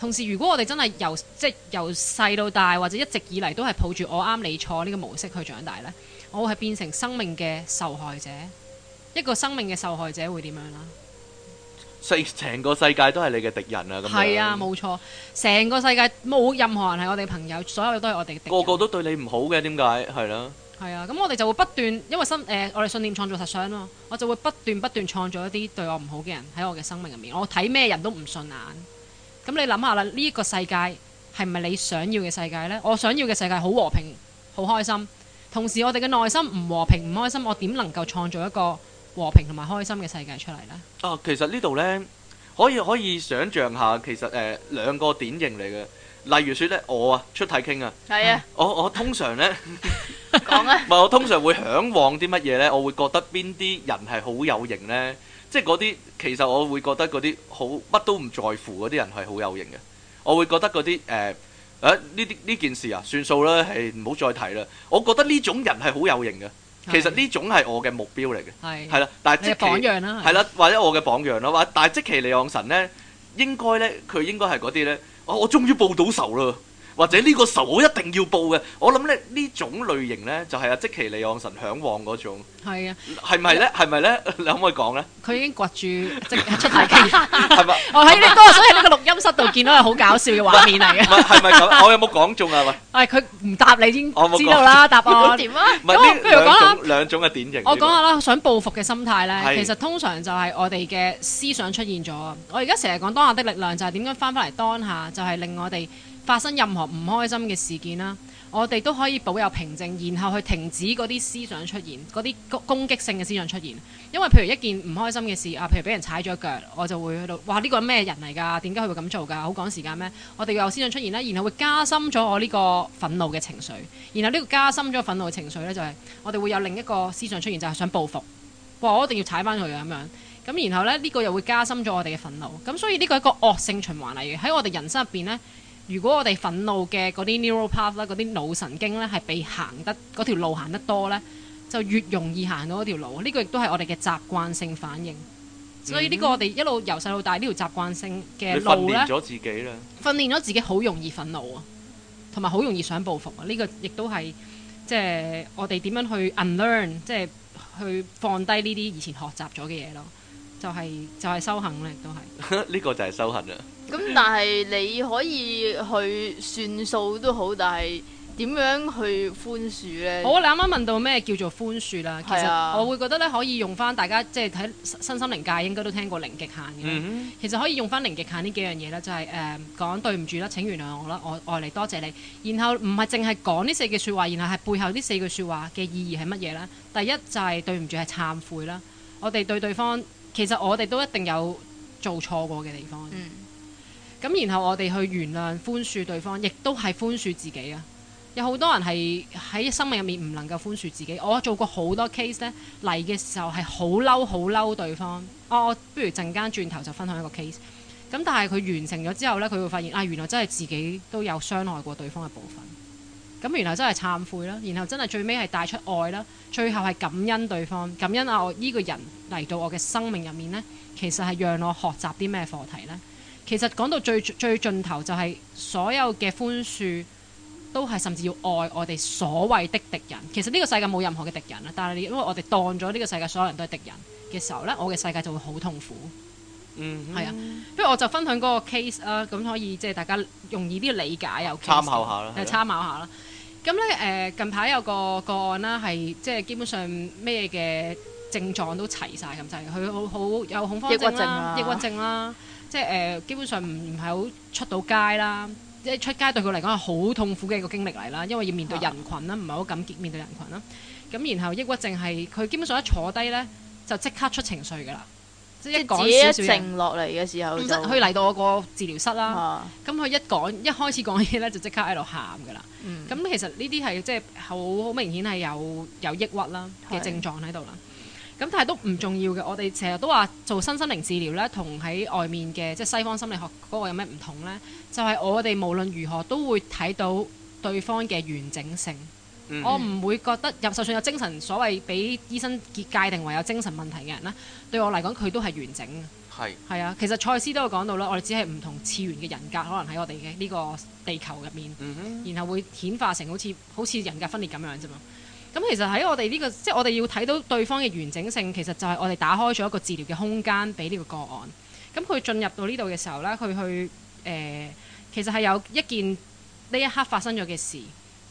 同時，如果我哋真係由即係由細到大，或者一直以嚟都係抱住我啱你錯呢個模式去長大咧，我係變成生命嘅受害者。一個生命嘅受害者會點樣啦？成個世界都係你嘅敵人啊！咁樣係啊，冇錯，成個世界冇任何人係我哋朋友，所有都係我哋嘅敵人。個個都對你唔好嘅，點解係啦？係啊，咁、啊、我哋就會不斷因為信誒、呃，我哋信念創造實相啊嘛，我就會不斷不斷創造一啲對我唔好嘅人喺我嘅生命入面，我睇咩人都唔順眼。咁你諗下啦，呢一個世界係唔係你想要嘅世界咧？我想要嘅世界好和平、好開心，同時我哋嘅內心唔和平、唔開心，我點能夠創造一個和平同埋開心嘅世界出嚟咧？啊，其實呢度咧，可以可以想象下，其實誒兩個典型嚟嘅，例如説咧，我啊出體傾啊，係啊，我我通常咧講啊，唔係我通常會嚮往啲乜嘢咧？我會覺得邊啲人係好有型咧？即係嗰啲，其實我會覺得嗰啲好乜都唔在乎嗰啲人係好有型嘅。我會覺得嗰啲誒，誒呢啲呢件事啊算數啦，係唔好再提啦。我覺得呢種人係好有型嘅。其實呢種係我嘅目標嚟嘅，係啦是，但係即係榜樣啦、啊，係啦，或者我嘅榜樣啦，或者但係即其利昂神咧，應該咧，佢應該係嗰啲咧，我我終於報到仇啦。或者呢個仇我一定要報嘅。我諗咧呢種類型咧，就係啊，即其利昂神嚮往嗰種係啊。係咪咧？係咪咧？你可唔可以講咧？佢已經掘住即出嚟傾係咪？我喺呢個所以呢個錄音室度見到係好搞笑嘅畫面嚟嘅。唔係咪我有冇講中啊？喂，係佢唔答你先知道啦。答我點啊？咁我譬如講啦，兩種嘅典型。我講下啦，想報復嘅心態咧，其實通常就係我哋嘅思想出現咗。我而家成日講當下的力量就係點樣翻返嚟當下，就係令我哋。發生任何唔開心嘅事件啦，我哋都可以保有平靜，然後去停止嗰啲思想出現，嗰啲攻攻擊性嘅思想出現。因為譬如一件唔開心嘅事啊，譬如俾人踩咗腳，我就會喺度，哇，呢個係咩人嚟㗎？點解佢會咁做㗎？好趕時間咩？我哋有思想出現啦，然後會加深咗我呢個憤怒嘅情緒。然後呢個加深咗憤怒嘅情緒呢，就係我哋會有另一個思想出現，就係想報復。哇！我一定要踩翻佢咁樣咁，然後呢，呢個又會加深咗我哋嘅憤怒。咁所以呢個係一個惡性循環嚟嘅，喺我哋人生入邊呢。如果我哋憤怒嘅嗰啲 neural path 啦，嗰啲腦神經咧，係被行得嗰條路行得多咧，就越容易行到嗰條路。呢、呢個亦都係我哋嘅習慣性反應。所以呢個我哋一路由細到大呢條、呢個、習慣性嘅路咧，訓練咗自己啦，訓練咗自己好容易憤怒啊，同埋好容易想報復啊。呢、呢個亦都係即係我哋點樣去 unlearn，即係去放低呢啲以前學習咗嘅嘢咯。就係、是、就係修行咧，都係呢 個就係修行啊！咁但係你可以去算數都好，但係點樣去寬恕咧？好，你啱啱問到咩叫做寬恕啦，啊、其實我會覺得咧，可以用翻大家即係睇《身、就是、心靈界》，應該都聽過《零極限》嘅、嗯哼。其實可以用翻《零極限》呢幾樣嘢啦、就是，就係誒講對唔住啦，請原諒我啦，我愛嚟多謝你。然後唔係淨係講呢四句説話，然後係背後呢四句説話嘅意義係乜嘢咧？第一就係對唔住係懺悔啦，我哋對對方。其實我哋都一定有做錯過嘅地方，咁、嗯、然後我哋去原諒寬恕對方，亦都係寬恕自己啊！有好多人係喺生命入面唔能夠寬恕自己，我做過好多 case 呢，嚟嘅時候係好嬲好嬲對方。我、啊、我不如陣間轉頭就分享一個 case，咁但係佢完成咗之後呢，佢會發現啊、哎，原來真係自己都有傷害過對方嘅部分。咁原來真係懺悔啦，然後真係最尾係帶出愛啦，最後係感恩對方，感恩啊！我呢個人嚟到我嘅生命入面呢。其實係讓我學習啲咩課題呢？其實講到最最盡頭，就係所有嘅寬恕都係甚至要愛我哋所謂的敵人。其實呢個世界冇任何嘅敵人啦，但係因為我哋當咗呢個世界所有人都係敵人嘅時候呢，我嘅世界就會好痛苦。嗯，係啊。不如我就分享嗰個 case 啊，咁可以即係大家容易啲理解又參考下啦，嗯，參考下啦。咁咧誒近排有個個案啦，係即係基本上咩嘅症狀都齊晒咁滯，佢好好有恐慌症、抑鬱症啦、啊啊，即係誒、呃、基本上唔唔係好出到街啦，即係出街對佢嚟講係好痛苦嘅一個經歷嚟啦，因為要面對人群啦，唔係好敢見面對人群啦、啊。咁、嗯、然後抑鬱症係佢基本上一坐低咧就即刻出情緒㗎啦。即一講少少嘅，靜落嚟嘅時候佢嚟到我個治療室啦。咁佢、啊、一講一開始講嘢咧，就即刻喺度喊噶啦。咁、嗯、其實呢啲係即係好好明顯係有有抑鬱啦嘅症狀喺度啦。咁是但係都唔重要嘅。我哋成日都話做身心靈治療咧，同喺外面嘅即係西方心理學嗰個有咩唔同咧？就係、是、我哋無論如何都會睇到對方嘅完整性。我唔會覺得入，就算有精神所謂俾醫生界定為有精神問題嘅人咧，對我嚟講佢都係完整嘅。係係是啊，其實賽斯都有講到啦。我哋只係唔同次元嘅人格，可能喺我哋嘅呢個地球入面，嗯、哼然後會顯化成好似好似人格分裂咁樣啫嘛。咁其實喺我哋呢、這個即係我哋要睇到對方嘅完整性，其實就係我哋打開咗一個治療嘅空間俾呢個個案。咁佢進入到呢度嘅時候咧，佢去誒、呃，其實係有一件呢一刻發生咗嘅事，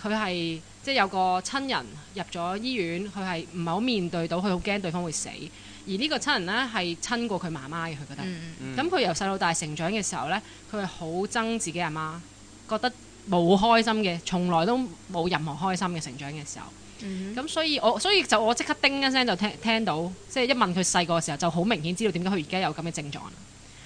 佢係。即係有個親人入咗醫院，佢係唔係好面對到？佢好驚對方會死。而呢個親人呢，係親過佢媽媽嘅，佢覺得。咁佢、嗯、由細到大成長嘅時候呢，佢係好憎自己阿媽，覺得冇開心嘅，從來都冇任何開心嘅成長嘅時候。咁、嗯、所以我，我所以就我即刻叮一聲就聽聽到，即係一問佢細個嘅時候，就好明顯知道點解佢而家有咁嘅症狀。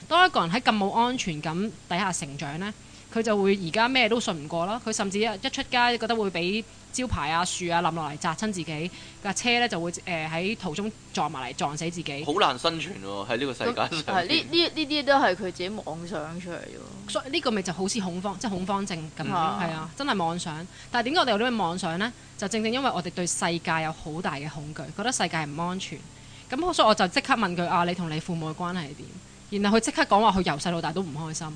當一個人喺咁冇安全感底下成長呢，佢就會而家咩都信唔過囉。佢甚至一,一出街覺得會俾。招牌啊、樹啊冧落嚟砸親自己架車咧，就會誒喺、呃、途中撞埋嚟撞死自己。好難生存喎、哦，喺呢個世界上。呢呢啲都係佢自己妄想出嚟嘅。所以呢、這個咪就好似恐慌，即係恐慌症咁樣。係、嗯、啊，啊，真係妄想。但係點解我哋會妄想呢？就正正因為我哋對世界有好大嘅恐懼，覺得世界唔安全。咁所以我就即刻問佢：啊，你同你父母嘅關係係點？然後佢即刻講話佢由細到大都唔開心，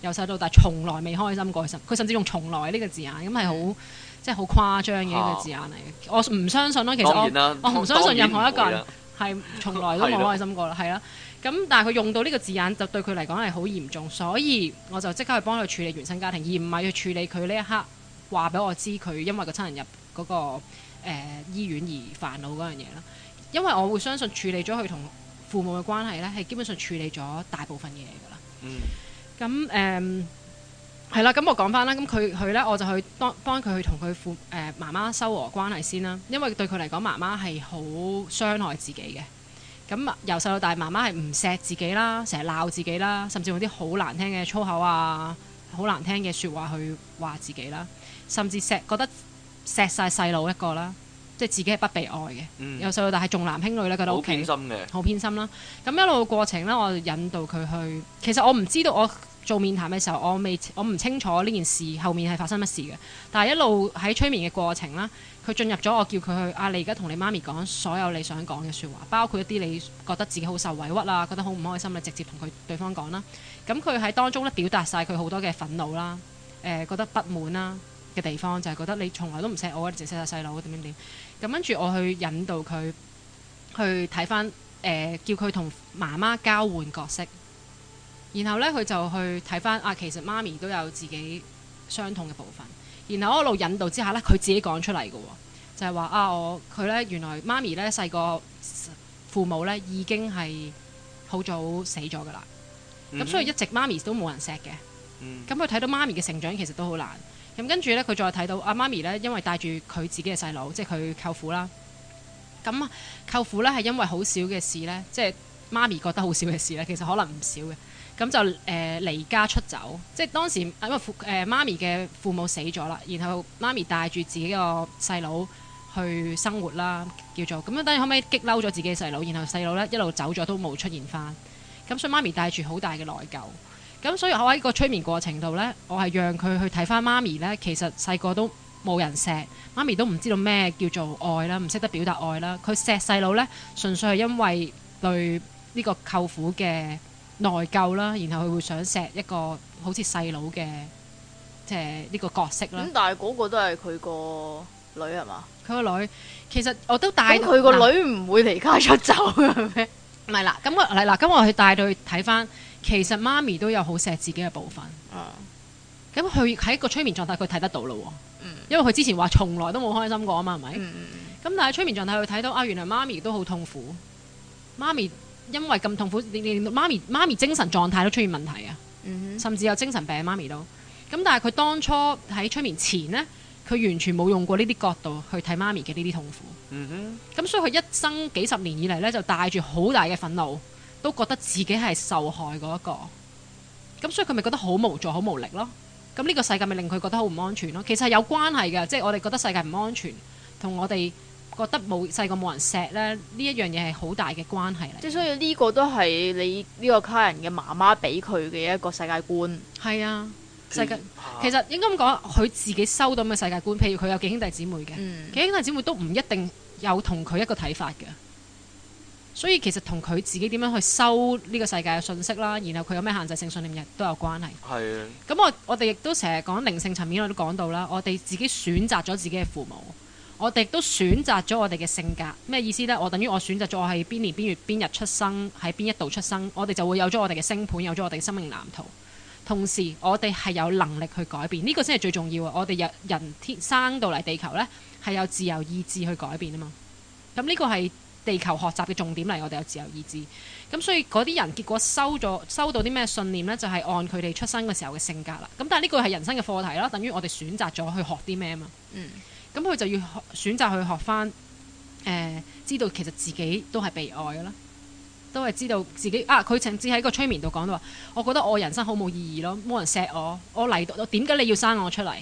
由細到大從來未開心過。佢甚至用從來呢、這個字眼，咁係好。即係好誇張嘅一個字眼嚟嘅，我唔相信咯。其實我唔相信任何一個人係從來都冇開心過啦，係啦 是的。咁但係佢用到呢個字眼就對佢嚟講係好嚴重，所以我就即刻去幫佢處理原生家庭，而唔係去處理佢呢一刻話俾我知佢因為個親人入嗰、個誒、呃、醫院而煩惱嗰樣嘢咯。因為我會相信處理咗佢同父母嘅關係咧，係基本上處理咗大部分嘢嘅啦。嗯。咁誒。係啦，咁 我講翻啦，咁佢佢咧，我就去幫幫佢去同佢父誒媽媽修和關係先啦，因為對佢嚟講，媽媽係好傷害自己嘅。咁由細到大，媽媽係唔錫自己啦，成日鬧自己啦，甚至用啲好難聽嘅粗口啊，好難聽嘅説話去話自己啦，甚至錫覺得錫晒細佬一個啦，即係自己係不被愛嘅。嗯，由細到大係重男輕女咧，覺得好偏心嘅，好偏心啦。咁一路嘅過程咧，我就引導佢去，其實我唔知道我。做面談嘅時候，我未我唔清楚呢件事後面係發生乜事嘅，但係一路喺催眠嘅過程啦，佢進入咗我叫佢去啊，你而家同你媽咪講所有你想講嘅説話，包括一啲你覺得自己好受委屈啦、啊，覺得好唔開心嘅，你直接同佢對方講啦。咁佢喺當中咧表達晒佢好多嘅憤怒啦、啊，誒、呃、覺得不滿啦、啊、嘅地方，就係、是、覺得你從來都唔錫我，淨錫晒細佬點點點。咁跟住我去引導佢去睇翻誒，叫佢同媽媽交換角色。然後咧，佢就去睇翻啊，其實媽咪都有自己傷痛嘅部分。然後一路引導之下咧，佢自己講出嚟嘅喎，就係、是、話啊，我佢咧原來媽咪咧細個父母咧已經係好早死咗㗎喇。咁、mm hmm. 啊、所以一直媽咪都冇人錫嘅。咁佢睇到媽咪嘅成長其實都好難。咁跟住咧，佢再睇到阿媽、啊、咪咧，因為帶住佢自己嘅細佬，即係佢舅父啦。咁舅父咧係因為好少嘅事咧，即係媽咪覺得好少嘅事咧，其實可能唔少嘅。咁就誒、呃、離家出走，即係當時因為誒、呃、媽咪嘅父母死咗啦，然後媽咪帶住自己個細佬去生活啦，叫做咁樣。等於可唔可以激嬲咗自己嘅細佬？然後細佬咧一路走咗都冇出現翻。咁、嗯、所以媽咪帶住好大嘅內疚。咁、嗯、所以我喺個催眠過程度咧，我係讓佢去睇翻媽咪咧。其實細個都冇人錫，媽咪都唔知道咩叫做愛啦，唔識得表達愛啦。佢錫細佬咧，純粹係因為對呢個舅父嘅內疚啦，然後佢會想錫一個好似細佬嘅，即係呢個角色啦。咁但係嗰個都係佢個女係嘛？佢個女其實我都帶佢個但 女唔會離家出走嘅咩？唔係啦，咁我係嗱，咁我係帶佢睇翻，其實媽咪都有好錫自己嘅部分。哦、嗯。咁佢喺個催眠狀態佢睇得到咯。嗯。因為佢之前話從來都冇開心過啊嘛，係咪？嗯，咁但係催眠狀態佢睇到啊，原來媽咪都好痛苦。媽咪。因為咁痛苦，令令媽咪媽咪精神狀態都出現問題啊，甚至有精神病。媽咪都咁，但係佢當初喺催眠前呢，佢完全冇用過呢啲角度去睇媽咪嘅呢啲痛苦。咁，嗯哼，所以佢一生幾十年以嚟呢，就帶住好大嘅憤怒，都覺得自己係受害嗰一個。咁所以佢咪覺得好無助、好無力咯。咁呢個世界咪令佢覺得好唔安全咯。其實有關係嘅，即係我哋覺得世界唔安全，同我哋。覺得冇細個冇人錫咧，呢一樣嘢係好大嘅關係嚟。即係所以呢個都係你呢個卡人嘅媽媽俾佢嘅一個世界觀。係啊，世界、啊、其實應該咁講，佢自己收到嘅世界觀，譬如佢有幾兄弟姊妹嘅，嗯、幾兄弟姊妹都唔一定有同佢一個睇法嘅。所以其實同佢自己點樣去收呢個世界嘅信息啦，然後佢有咩限制性信念亦都有關係。係啊的。咁、嗯、我我哋亦都成日講靈性層面我都講到啦，我哋自己選擇咗自己嘅父母。我哋都選擇咗我哋嘅性格，咩意思呢？我等於我選擇咗我係邊年邊月邊日出生，喺邊一度出生，我哋就會有咗我哋嘅星盤，有咗我哋嘅生命藍圖。同時，我哋係有能力去改變，呢個先係最重要啊！我哋人天生到嚟地球呢，係有自由意志去改變啊嘛。咁、嗯、呢個係地球學習嘅重點嚟，我哋有自由意志。咁、嗯、所以嗰啲人結果收咗收到啲咩信念呢？就係按佢哋出生嘅時候嘅性格啦。咁、嗯、但係呢個係人生嘅課題啦，等於我哋選擇咗去學啲咩啊嘛。嗯咁佢、嗯、就要選擇去學翻，誒、呃，知道其實自己都係被愛嘅啦，都係知道自己啊。佢甚至喺個催眠度講到話：我覺得我人生好冇意義咯，冇人錫我，我嚟到，點解你要生我出嚟？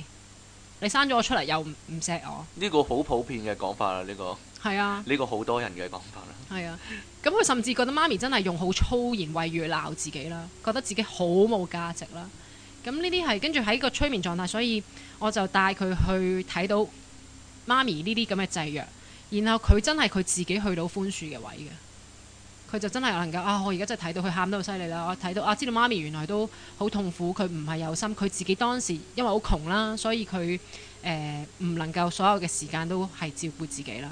你生咗我出嚟又唔唔錫我？呢個好普遍嘅講法啦，呢個係啊，呢、呢個好、啊、多人嘅講法啦。係啊，咁佢、啊嗯嗯、甚至覺得媽咪真係用好粗言穢語鬧自己啦，覺得自己好冇價值啦。咁呢啲係跟住喺個催眠狀態，所以我就帶佢去睇到。媽咪呢啲咁嘅制約，然後佢真係佢自己去到寬恕嘅位嘅，佢就真係能夠啊！我而家真係睇到佢喊得好犀利啦！我睇到啊，知道媽咪原來都好痛苦，佢唔係有心，佢自己當時因為好窮啦，所以佢誒唔能夠所有嘅時間都係照顧自己啦，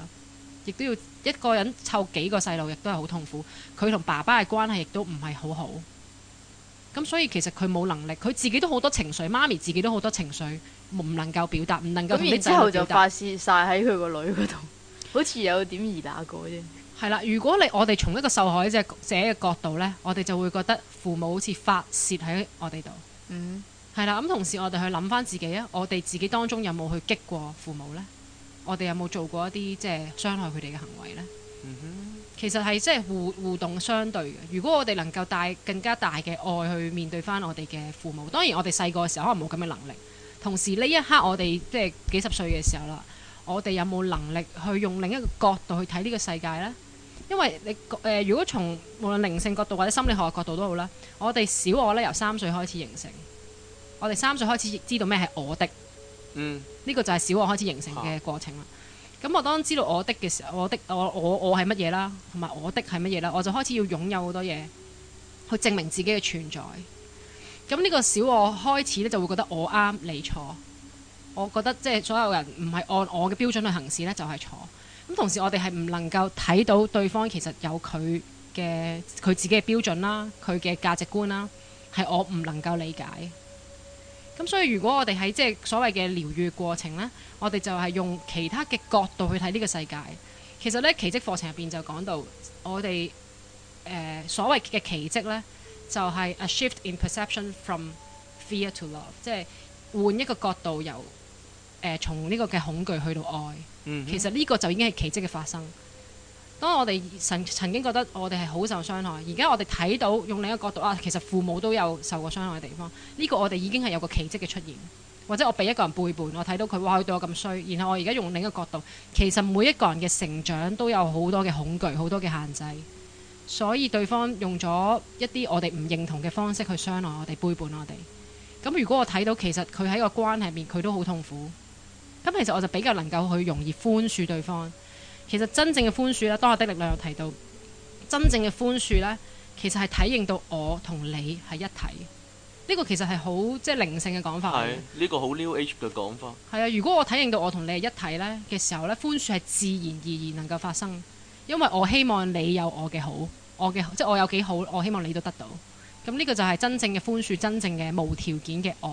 亦都要一個人湊幾個細路，亦都係好痛苦。佢同爸爸嘅關係亦都唔係好好，咁所以其實佢冇能力，佢自己都好多情緒，媽咪自己都好多情緒。唔能夠表達，唔能夠咁，然之後就發洩晒喺佢個女嗰度，好似有點兒打過啫。係啦，如果你我哋從一個受害者者嘅角度咧，我哋就會覺得父母好似發洩喺我哋度。嗯，係啦。咁同時我哋去諗翻自己啊，我哋自己當中有冇去激過父母咧？我哋有冇做過一啲即係傷害佢哋嘅行為咧？嗯哼，其實係即係互互動相對嘅。如果我哋能夠帶更加大嘅愛去面對翻我哋嘅父母，當然我哋細個嘅時候可能冇咁嘅能力。同時呢一刻我，我哋即係幾十歲嘅時候啦，我哋有冇能力去用另一個角度去睇呢個世界呢？因為你誒、呃，如果從無論靈性角度或者心理學嘅角度都好啦，我哋小我咧由三歲開始形成，我哋三歲開始知道咩係我的，嗯，呢個就係小我開始形成嘅過程啦。咁、啊、我當知道我的嘅時候，我的我的我我係乜嘢啦？同埋我的係乜嘢啦？我就開始要擁有好多嘢去證明自己嘅存在。咁呢個小我開始咧就會覺得我啱你錯，我覺得即係所有人唔係按我嘅標準去行事咧就係錯。咁同時我哋係唔能夠睇到對方其實有佢嘅佢自己嘅標準啦，佢嘅價值觀啦係我唔能夠理解。咁所以如果我哋喺即係所謂嘅療癒過程咧，我哋就係用其他嘅角度去睇呢個世界。其實咧奇蹟課程入邊就講到我哋誒、呃、所謂嘅奇蹟咧。就係 a shift in perception from fear to love，即係換一個角度由誒、呃、從呢個嘅恐懼去到愛。Mm hmm. 其實呢個就已經係奇蹟嘅發生。當我哋曾曾經覺得我哋係好受傷害，而家我哋睇到用另一個角度啊，其實父母都有受過傷害嘅地方。呢、呢個我哋已經係有個奇蹟嘅出現。或者我俾一個人背叛，我睇到佢哇，佢對我咁衰，然後我而家用另一個角度，其實每一個人嘅成長都有好多嘅恐懼，好多嘅限制。所以對方用咗一啲我哋唔認同嘅方式去傷害我哋、背叛我哋。咁如果我睇到其實佢喺個關係入面佢都好痛苦，咁其實我就比較能夠去容易寬恕對方。其實真正嘅寬恕咧，當下的力量有提到真正嘅寬恕呢，其實係體認到我同你係一體。呢個其實係好即係靈性嘅講法。呢個好 New Age 嘅講法。係啊，如果我體認到我同你係一體呢嘅時候呢，寬恕係自然而然能夠發生。因為我希望你有我嘅好，我嘅即係我有幾好，我希望你都得到。咁呢個就係真正嘅寬恕，真正嘅無條件嘅愛，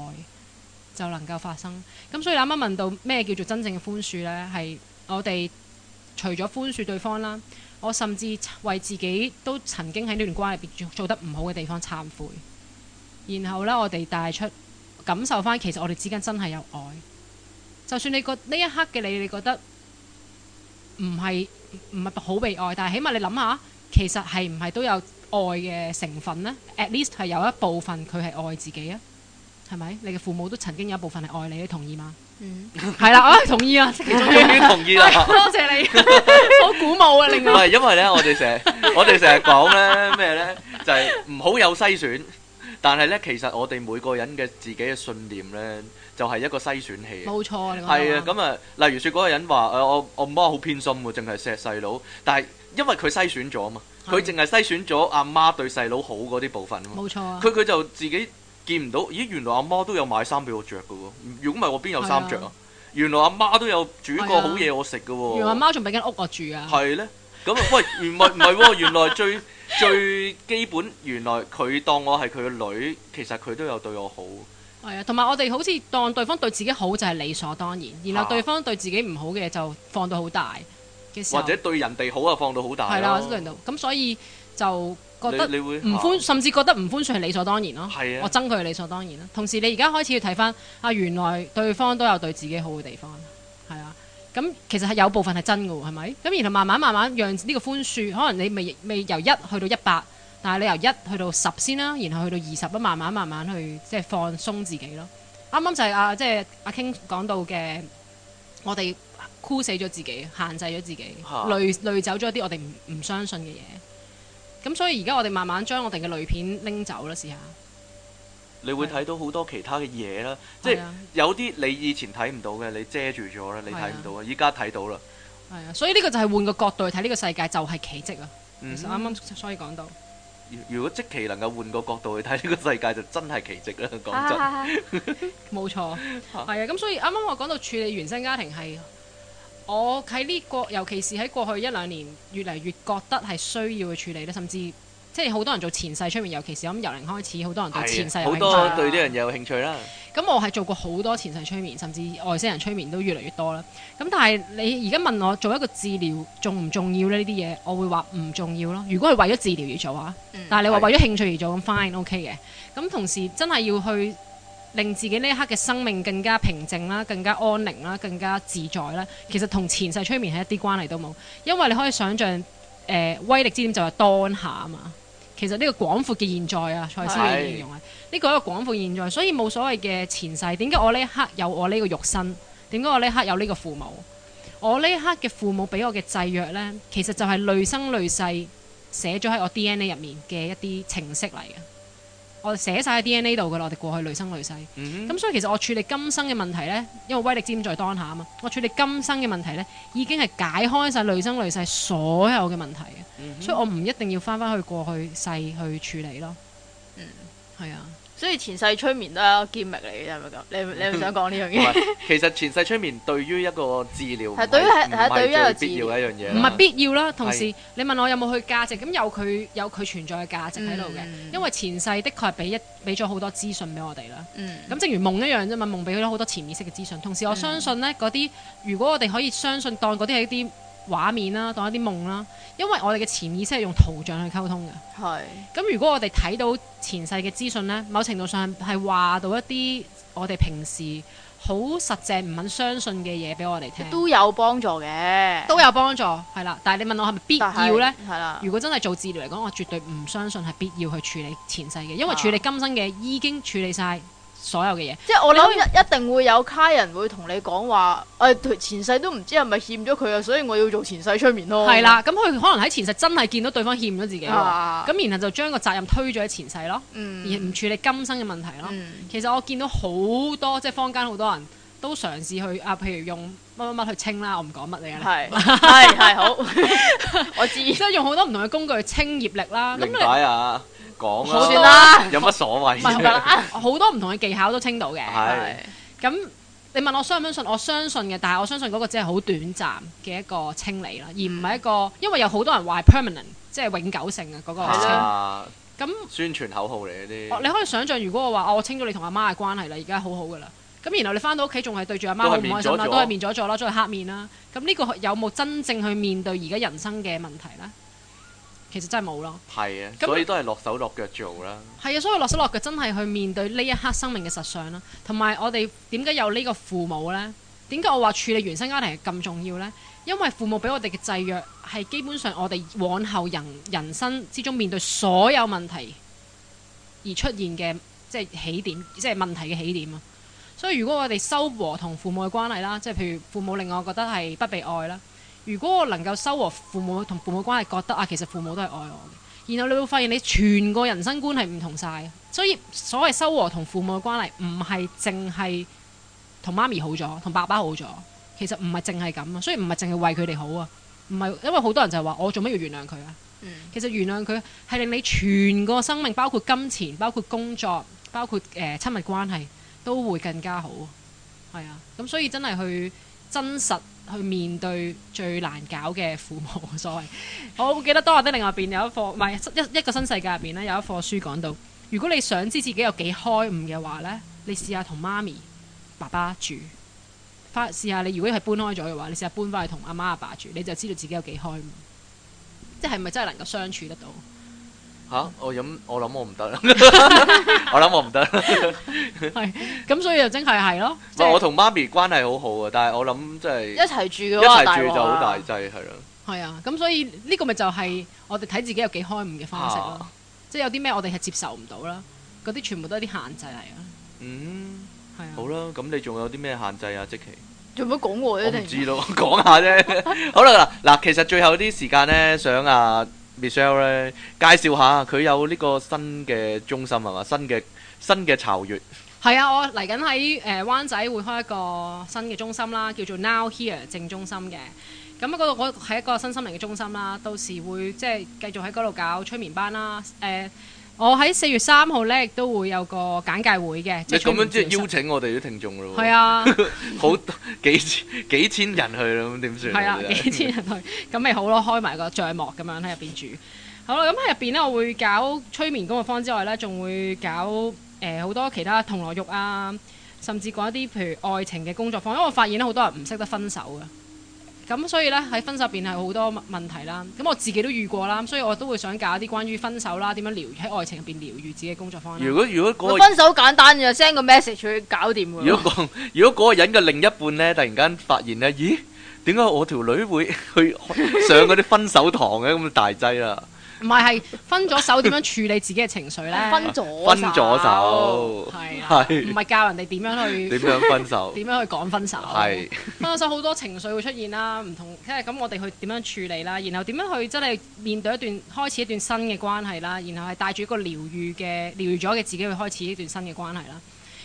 就能夠發生。咁所以啱啱問到咩叫做真正嘅寬恕呢？係我哋除咗寬恕對方啦，我甚至為自己都曾經喺呢段關係入邊做，做得唔好嘅地方，懺悔。然後呢，我哋帶出感受翻，其實我哋之間真係有愛。就算你覺得呢一刻嘅你，你覺得？唔係唔係好被愛，但係起碼你諗下，其實係唔係都有愛嘅成分呢？At least 係有一部分佢係愛自己啊，係咪？你嘅父母都曾經有一部分係愛你，你同意嗎？嗯，係啦， 啊同意啊，終於同意啦！多、 哎、謝謝你，好鼓舞啊！你唔係因為咧，我哋成 我哋成日講咧咩咧，就係唔好有篩選，但係咧，其實我哋每個人嘅自己嘅信念咧。又係一個篩選器錯，冇錯，係啊，咁、嗯、啊，例如說嗰個人話誒、呃，我我媽好偏心，淨係錫細佬，但係因為佢篩選咗啊嘛，佢淨係篩選咗阿媽對細佬好嗰啲部分啊嘛，冇錯錯啊，佢佢就自己見唔到，咦，原來阿媽都有買衫俾我着噶喎，如果唔係我邊有衫着啊？原來阿媽都有煮個好嘢我食噶喎，原來阿媽仲俾間屋我住啊？係、嗯、咧，咁、嗯、啊，喂，原來唔係喎，原來最 最基本，原來佢當我係佢嘅女，其實佢都有對我好。係啊，同埋我哋好似當對方對自己好就係理所當然，然後對方對自己唔好嘅就放到好大嘅時候，或者對人哋好啊，放到好大，係啦，咁所以就覺得唔寬甚至覺得唔寬恕係理所當然咯。的我憎佢係理所當然啦。同時你而家開始要睇翻啊，原來對方都有對自己好嘅地方，係啊，咁其實係有部分係真嘅喎，係咪？咁然後慢慢慢慢讓呢個寬恕，可能你未未由一去到一百。但係你由一去到十先啦，然後去到二十啦，慢慢慢慢去即係放鬆自己咯。啱啱就係啊，即係阿 King 講到嘅，我哋箍死咗自己，限制咗自己，啊、累累走咗啲我哋唔唔相信嘅嘢。咁所以而家我哋慢慢將我哋嘅濾片拎走啦，試下。你會睇到好多是其他嘅嘢啦，即係有啲你以前睇唔到嘅，你遮住咗啦，你睇唔到啊，而家睇到啦。係啊，所以呢個就係換個角度去睇呢個世界，就係、是、奇蹟啊！嗯、其實啱啱所以講到。如果即期能夠換個角度去睇呢個世界，就真係奇蹟啦！講真，冇錯，係啊。咁所以啱啱我講到處理原生家庭係我喺呢個，尤其是喺過去一兩年，越嚟越覺得係需要去處理咧，甚至。即係好多人做前世催眠，尤其是咁、嗯、由零開始，好多人對前世呢樣嘢有興趣啦。咁我係做過好多前世催眠，甚至外星人催眠都越嚟越多啦。咁但係你而家問我做一個治療重唔重要呢？呢啲嘢我會話唔重要咯。如果係為咗治療而做啊，嗯、但係你話為咗興趣而做咁 fine OK 嘅。咁、嗯 okay、同時真係要去令自己呢一刻嘅生命更加平靜啦，更加安寧啦，更加自在啦。其實同前世催眠係一啲關係都冇，因為你可以想象誒、呃、威力之點就係當下啊嘛。其實呢個廣闊嘅現在啊，蔡生嘅形容啊，呢個係一個廣闊現在，所以冇所謂嘅前世。點解我呢一刻有我呢個肉身？點解我呢一刻有呢個父母？我呢一刻嘅父母俾我嘅制約呢，其實就係累生累世寫咗喺我 DNA 入面嘅一啲程式嚟嘅。我寫晒喺 DNA 度噶啦，我哋過去累生累世咁，mm hmm. 所以其實我處理今生嘅問題咧，因為威力佔在當下啊嘛。我處理今生嘅問題咧，已經係解開晒累生累世所有嘅問題嘅，mm hmm. 所以我唔一定要翻翻去過去世去處理咯。嗯、mm，係、hmm. 啊。所以前世催眠都係揭密嚟嘅，係咪咁？你你係咪想講呢樣嘢？ 其實前世催眠對於一個治療係對於係係對於一個必要一樣嘢，唔係必要啦。同時是你問我有冇佢價值？咁有佢有佢存在嘅價值喺度嘅，嗯、因為前世的確係俾一俾咗好多資訊俾我哋啦。咁、嗯、正如夢一樣啫嘛，夢俾咗好多潛意識嘅資訊。同時我相信咧，嗰啲、嗯、如果我哋可以相信，當嗰啲係一啲，畫面啦，當一啲夢啦，因為我哋嘅潛意識係用圖像去溝通嘅。係是。咁如果我哋睇到前世嘅資訊呢，某程度上係話到一啲我哋平時好實在唔肯相信嘅嘢俾我哋聽。都有幫助嘅，都有幫助，係啦。但係你問我係咪必要呢？係啦。如果真係做治療嚟講，我絕對唔相信係必要去處理前世嘅，因為處理今生嘅已經處理晒。所有嘅嘢，即係我諗一定會有客人會同你講話，誒以前世都唔知係咪欠咗佢啊？所以我要做前世催眠咯。係啦，咁佢可能喺前世真係見到對方欠咗自己，咁、啊、然後就將個責任推咗喺前世咯，嗯、而唔處理今生嘅問題咯。嗯、其實我見到好多即係、就是、坊間好多人都嘗試去啊，譬如用乜乜乜去清啦，我唔講乜嘢啦。係係是 好， 我自己都用好多唔同嘅工具去清業力啦。明白啊！好啦，有乜所謂？好 多唔同嘅技巧都清到嘅。咁是你問我相唔相信？我相信嘅，但係我相信嗰個只係好短暫嘅一個清理啦，而唔係一個，因為有好多人話係 permanent，即係永久性嘅嗰個話清。咁、啊、那宣傳口號嚟啲。你可以想象如果我話我清咗你同阿媽嘅關係啦，而家好好噶啦，咁然後你返到屋企仲係對住阿媽好唔開心啊，都係面左左啦，再黑面啦、啊。咁呢個有冇真正去面對而家人生嘅問題咧？其實真係冇咯，係啊的，嗯、所以都係落手落腳做啦。係啊，所以落手落腳真係去面對呢一刻生命嘅實相啦。同埋我哋點解有呢個父母呢？點解我話處理原生家庭係咁重要呢？因為父母俾我哋嘅制約係基本上我哋往後人人生之中面對所有問題而出現嘅即係起點，即係問題嘅起點啊。所以如果我哋修和同父母嘅關係啦，即係譬如父母令我覺得係不被愛啦。如果我能夠修和父母同父母關係，覺得啊，其實父母都係愛我嘅。然後你會發現你全個人生觀係唔同晒。所以所謂修和同父母嘅關係媽媽，唔係淨係同媽咪好咗，同爸爸好咗，其實唔係淨係咁啊。所以唔係淨係為佢哋好啊。唔係因為好多人就係話我做咩要原諒佢啊？嗯、其實原諒佢係令你全個生命，包括金錢、包括工作、包括誒、呃、親密關係，都會更加好。係啊，咁所以真係去真實。去面對最難搞嘅父母所謂，我會記得當日的另外邊有一課，唔係一一,一個新世界入邊咧，有一課書講到，如果你想知自己有幾開悟嘅話咧，你試下同媽咪、爸爸住，翻試下你如果係搬開咗嘅話，你試下搬翻去同阿媽阿爸住，你就知道自己有幾開悟，即係咪真係能夠相處得到？嚇！我飲我諗我唔得啦，我諗我唔得。係咁，所以就真係係咯。唔係我同媽咪關係好好啊，但係我諗即係一齊住嘅話，一齊住就好大劑係咯。係啊，咁所以呢個咪就係我哋睇自己有幾開悟嘅方式咯。即係有啲咩我哋係接受唔到啦，嗰啲全部都係啲限制嚟啊。嗯，係啊，好啦，咁你仲有啲咩限制啊？即期，做乜講喎？我唔知咯，講下啫。好啦，嗱嗱，其實最後啲時間咧，想啊～Michelle 咧介紹下，佢有呢個新嘅中心係嘛？新嘅新嘅巢穴。係啊，我嚟緊喺誒灣仔會開一個新嘅中心啦，叫做 Now Here 正中心嘅。咁嗰度我係一個新森林身心靈嘅中心啦，到時會即係、就是、繼續喺嗰度搞催眠班啦，誒、呃。我喺四月三號咧，亦都會有個簡介會嘅。即係咁樣，即係邀請我哋啲聽眾咯。係啊，好幾千幾千人去咯，咁點算啊？係啊，幾千人去，咁咪好咯，開埋個帳幕咁樣喺入邊住。好啦，咁喺入邊咧，我會搞催眠工作坊之外咧，仲會搞誒好多其他銅鑼浴啊，甚至講一啲譬如愛情嘅工作坊。因為我發現咧，好多人唔識得分手嘅。咁所以咧，喺分手入邊係好多問題啦，咁我自己都遇過啦，所以我都會想搞一啲關於分手啦，點樣療喺愛情入邊療愈自己嘅工作方法。如果如果分手簡單就 send 個 message 去搞掂。如果講如果嗰個人嘅另一半咧突然間發現咧，咦？點解我條女會去上嗰啲分手堂嘅，咁大劑啦、啊？ 唔係係分咗手點樣處理自己嘅情緒咧？ 分咗手係係唔係教人哋點樣去點樣分手？點 樣去講分手？係 分咗手好多情緒會出現啦，唔同即係咁，我哋去點樣處理啦？然後點樣去真係面對一段開始一段新嘅關係啦？然後係帶住一個療愈嘅療愈咗嘅自己去開始一段新嘅關係啦。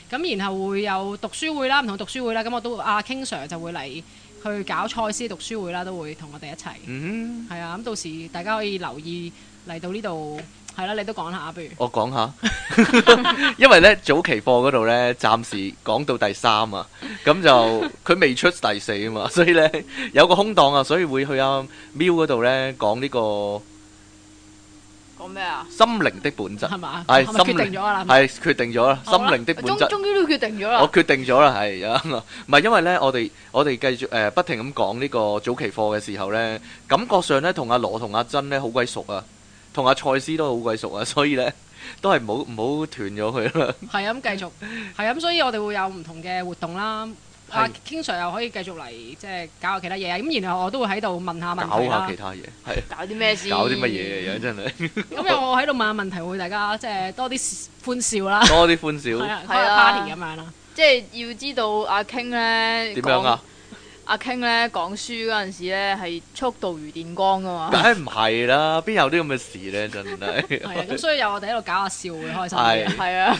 咁然後會有讀書會啦，唔同讀書會啦。咁我都阿 King Sir 就會嚟。去搞賽斯讀書會啦，都會同我哋一齊。嗯，係啊，咁到時大家可以留意嚟到呢度，係啦，你都講下，不如我講下， 因為咧早期課嗰度咧，暫時講到第三啊，咁就佢 未出第四啊嘛，所以咧有個空檔啊，所以會去啊。Miu 嗰度咧講呢個。講咩啊？心靈的本質係嘛？係心靈決定咗啦，係決定咗啦。心靈的本質終終於都決定咗啦。我決定咗啦，係啊，唔係因為咧，我哋我哋繼續誒、呃，不停咁講呢個早期課嘅時候咧，感覺上咧同阿羅同阿珍咧好鬼熟啊，同阿蔡司都好鬼熟啊，所以咧都係唔好唔好斷咗佢啦。係啊，咁繼 續係啊，咁所以我哋會有唔同嘅活動啦。阿 King sir 又可以繼續嚟即係搞下其他嘢啊！咁然後我都會喺度問下問題搞下其他嘢係。搞啲咩先？搞啲乜嘢真係。咁又我喺度問下問題，會大家即係多啲歡笑啦。多啲歡笑係啊！開 party 咁樣啊！即係要知道阿 King 咧點樣啊？阿 King 咧講書嗰陣時咧係速度如電光噶嘛？梗係唔係啦？邊有啲咁嘅事咧？真係係咁，所以又我哋喺度搞下笑會開心啲。係啊。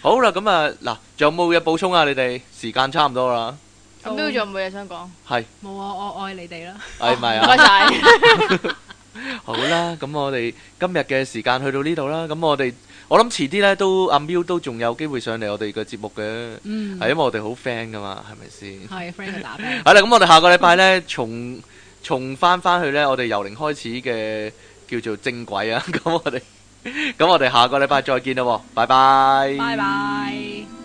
好啦，咁啊，嗱，仲有冇嘢補充啊？你哋時間差唔多啦。咁 Miu 仲有冇嘢想講？係，冇啊，我愛你哋啦。係咪啊？唔該晒。好啦，咁我哋今日嘅時間去到呢度啦。咁我哋，我諗遲啲咧，都阿 Miu 都仲有機會上嚟我哋嘅節目嘅。嗯。係因為我哋好 friend 噶嘛，係咪先？係 friend 嘅打。係啦，咁我哋下個禮拜咧，重重翻翻去咧，我哋由零開始嘅叫做正軌啊。咁我哋。咁 我哋下個禮拜再見啦，拜拜。拜拜。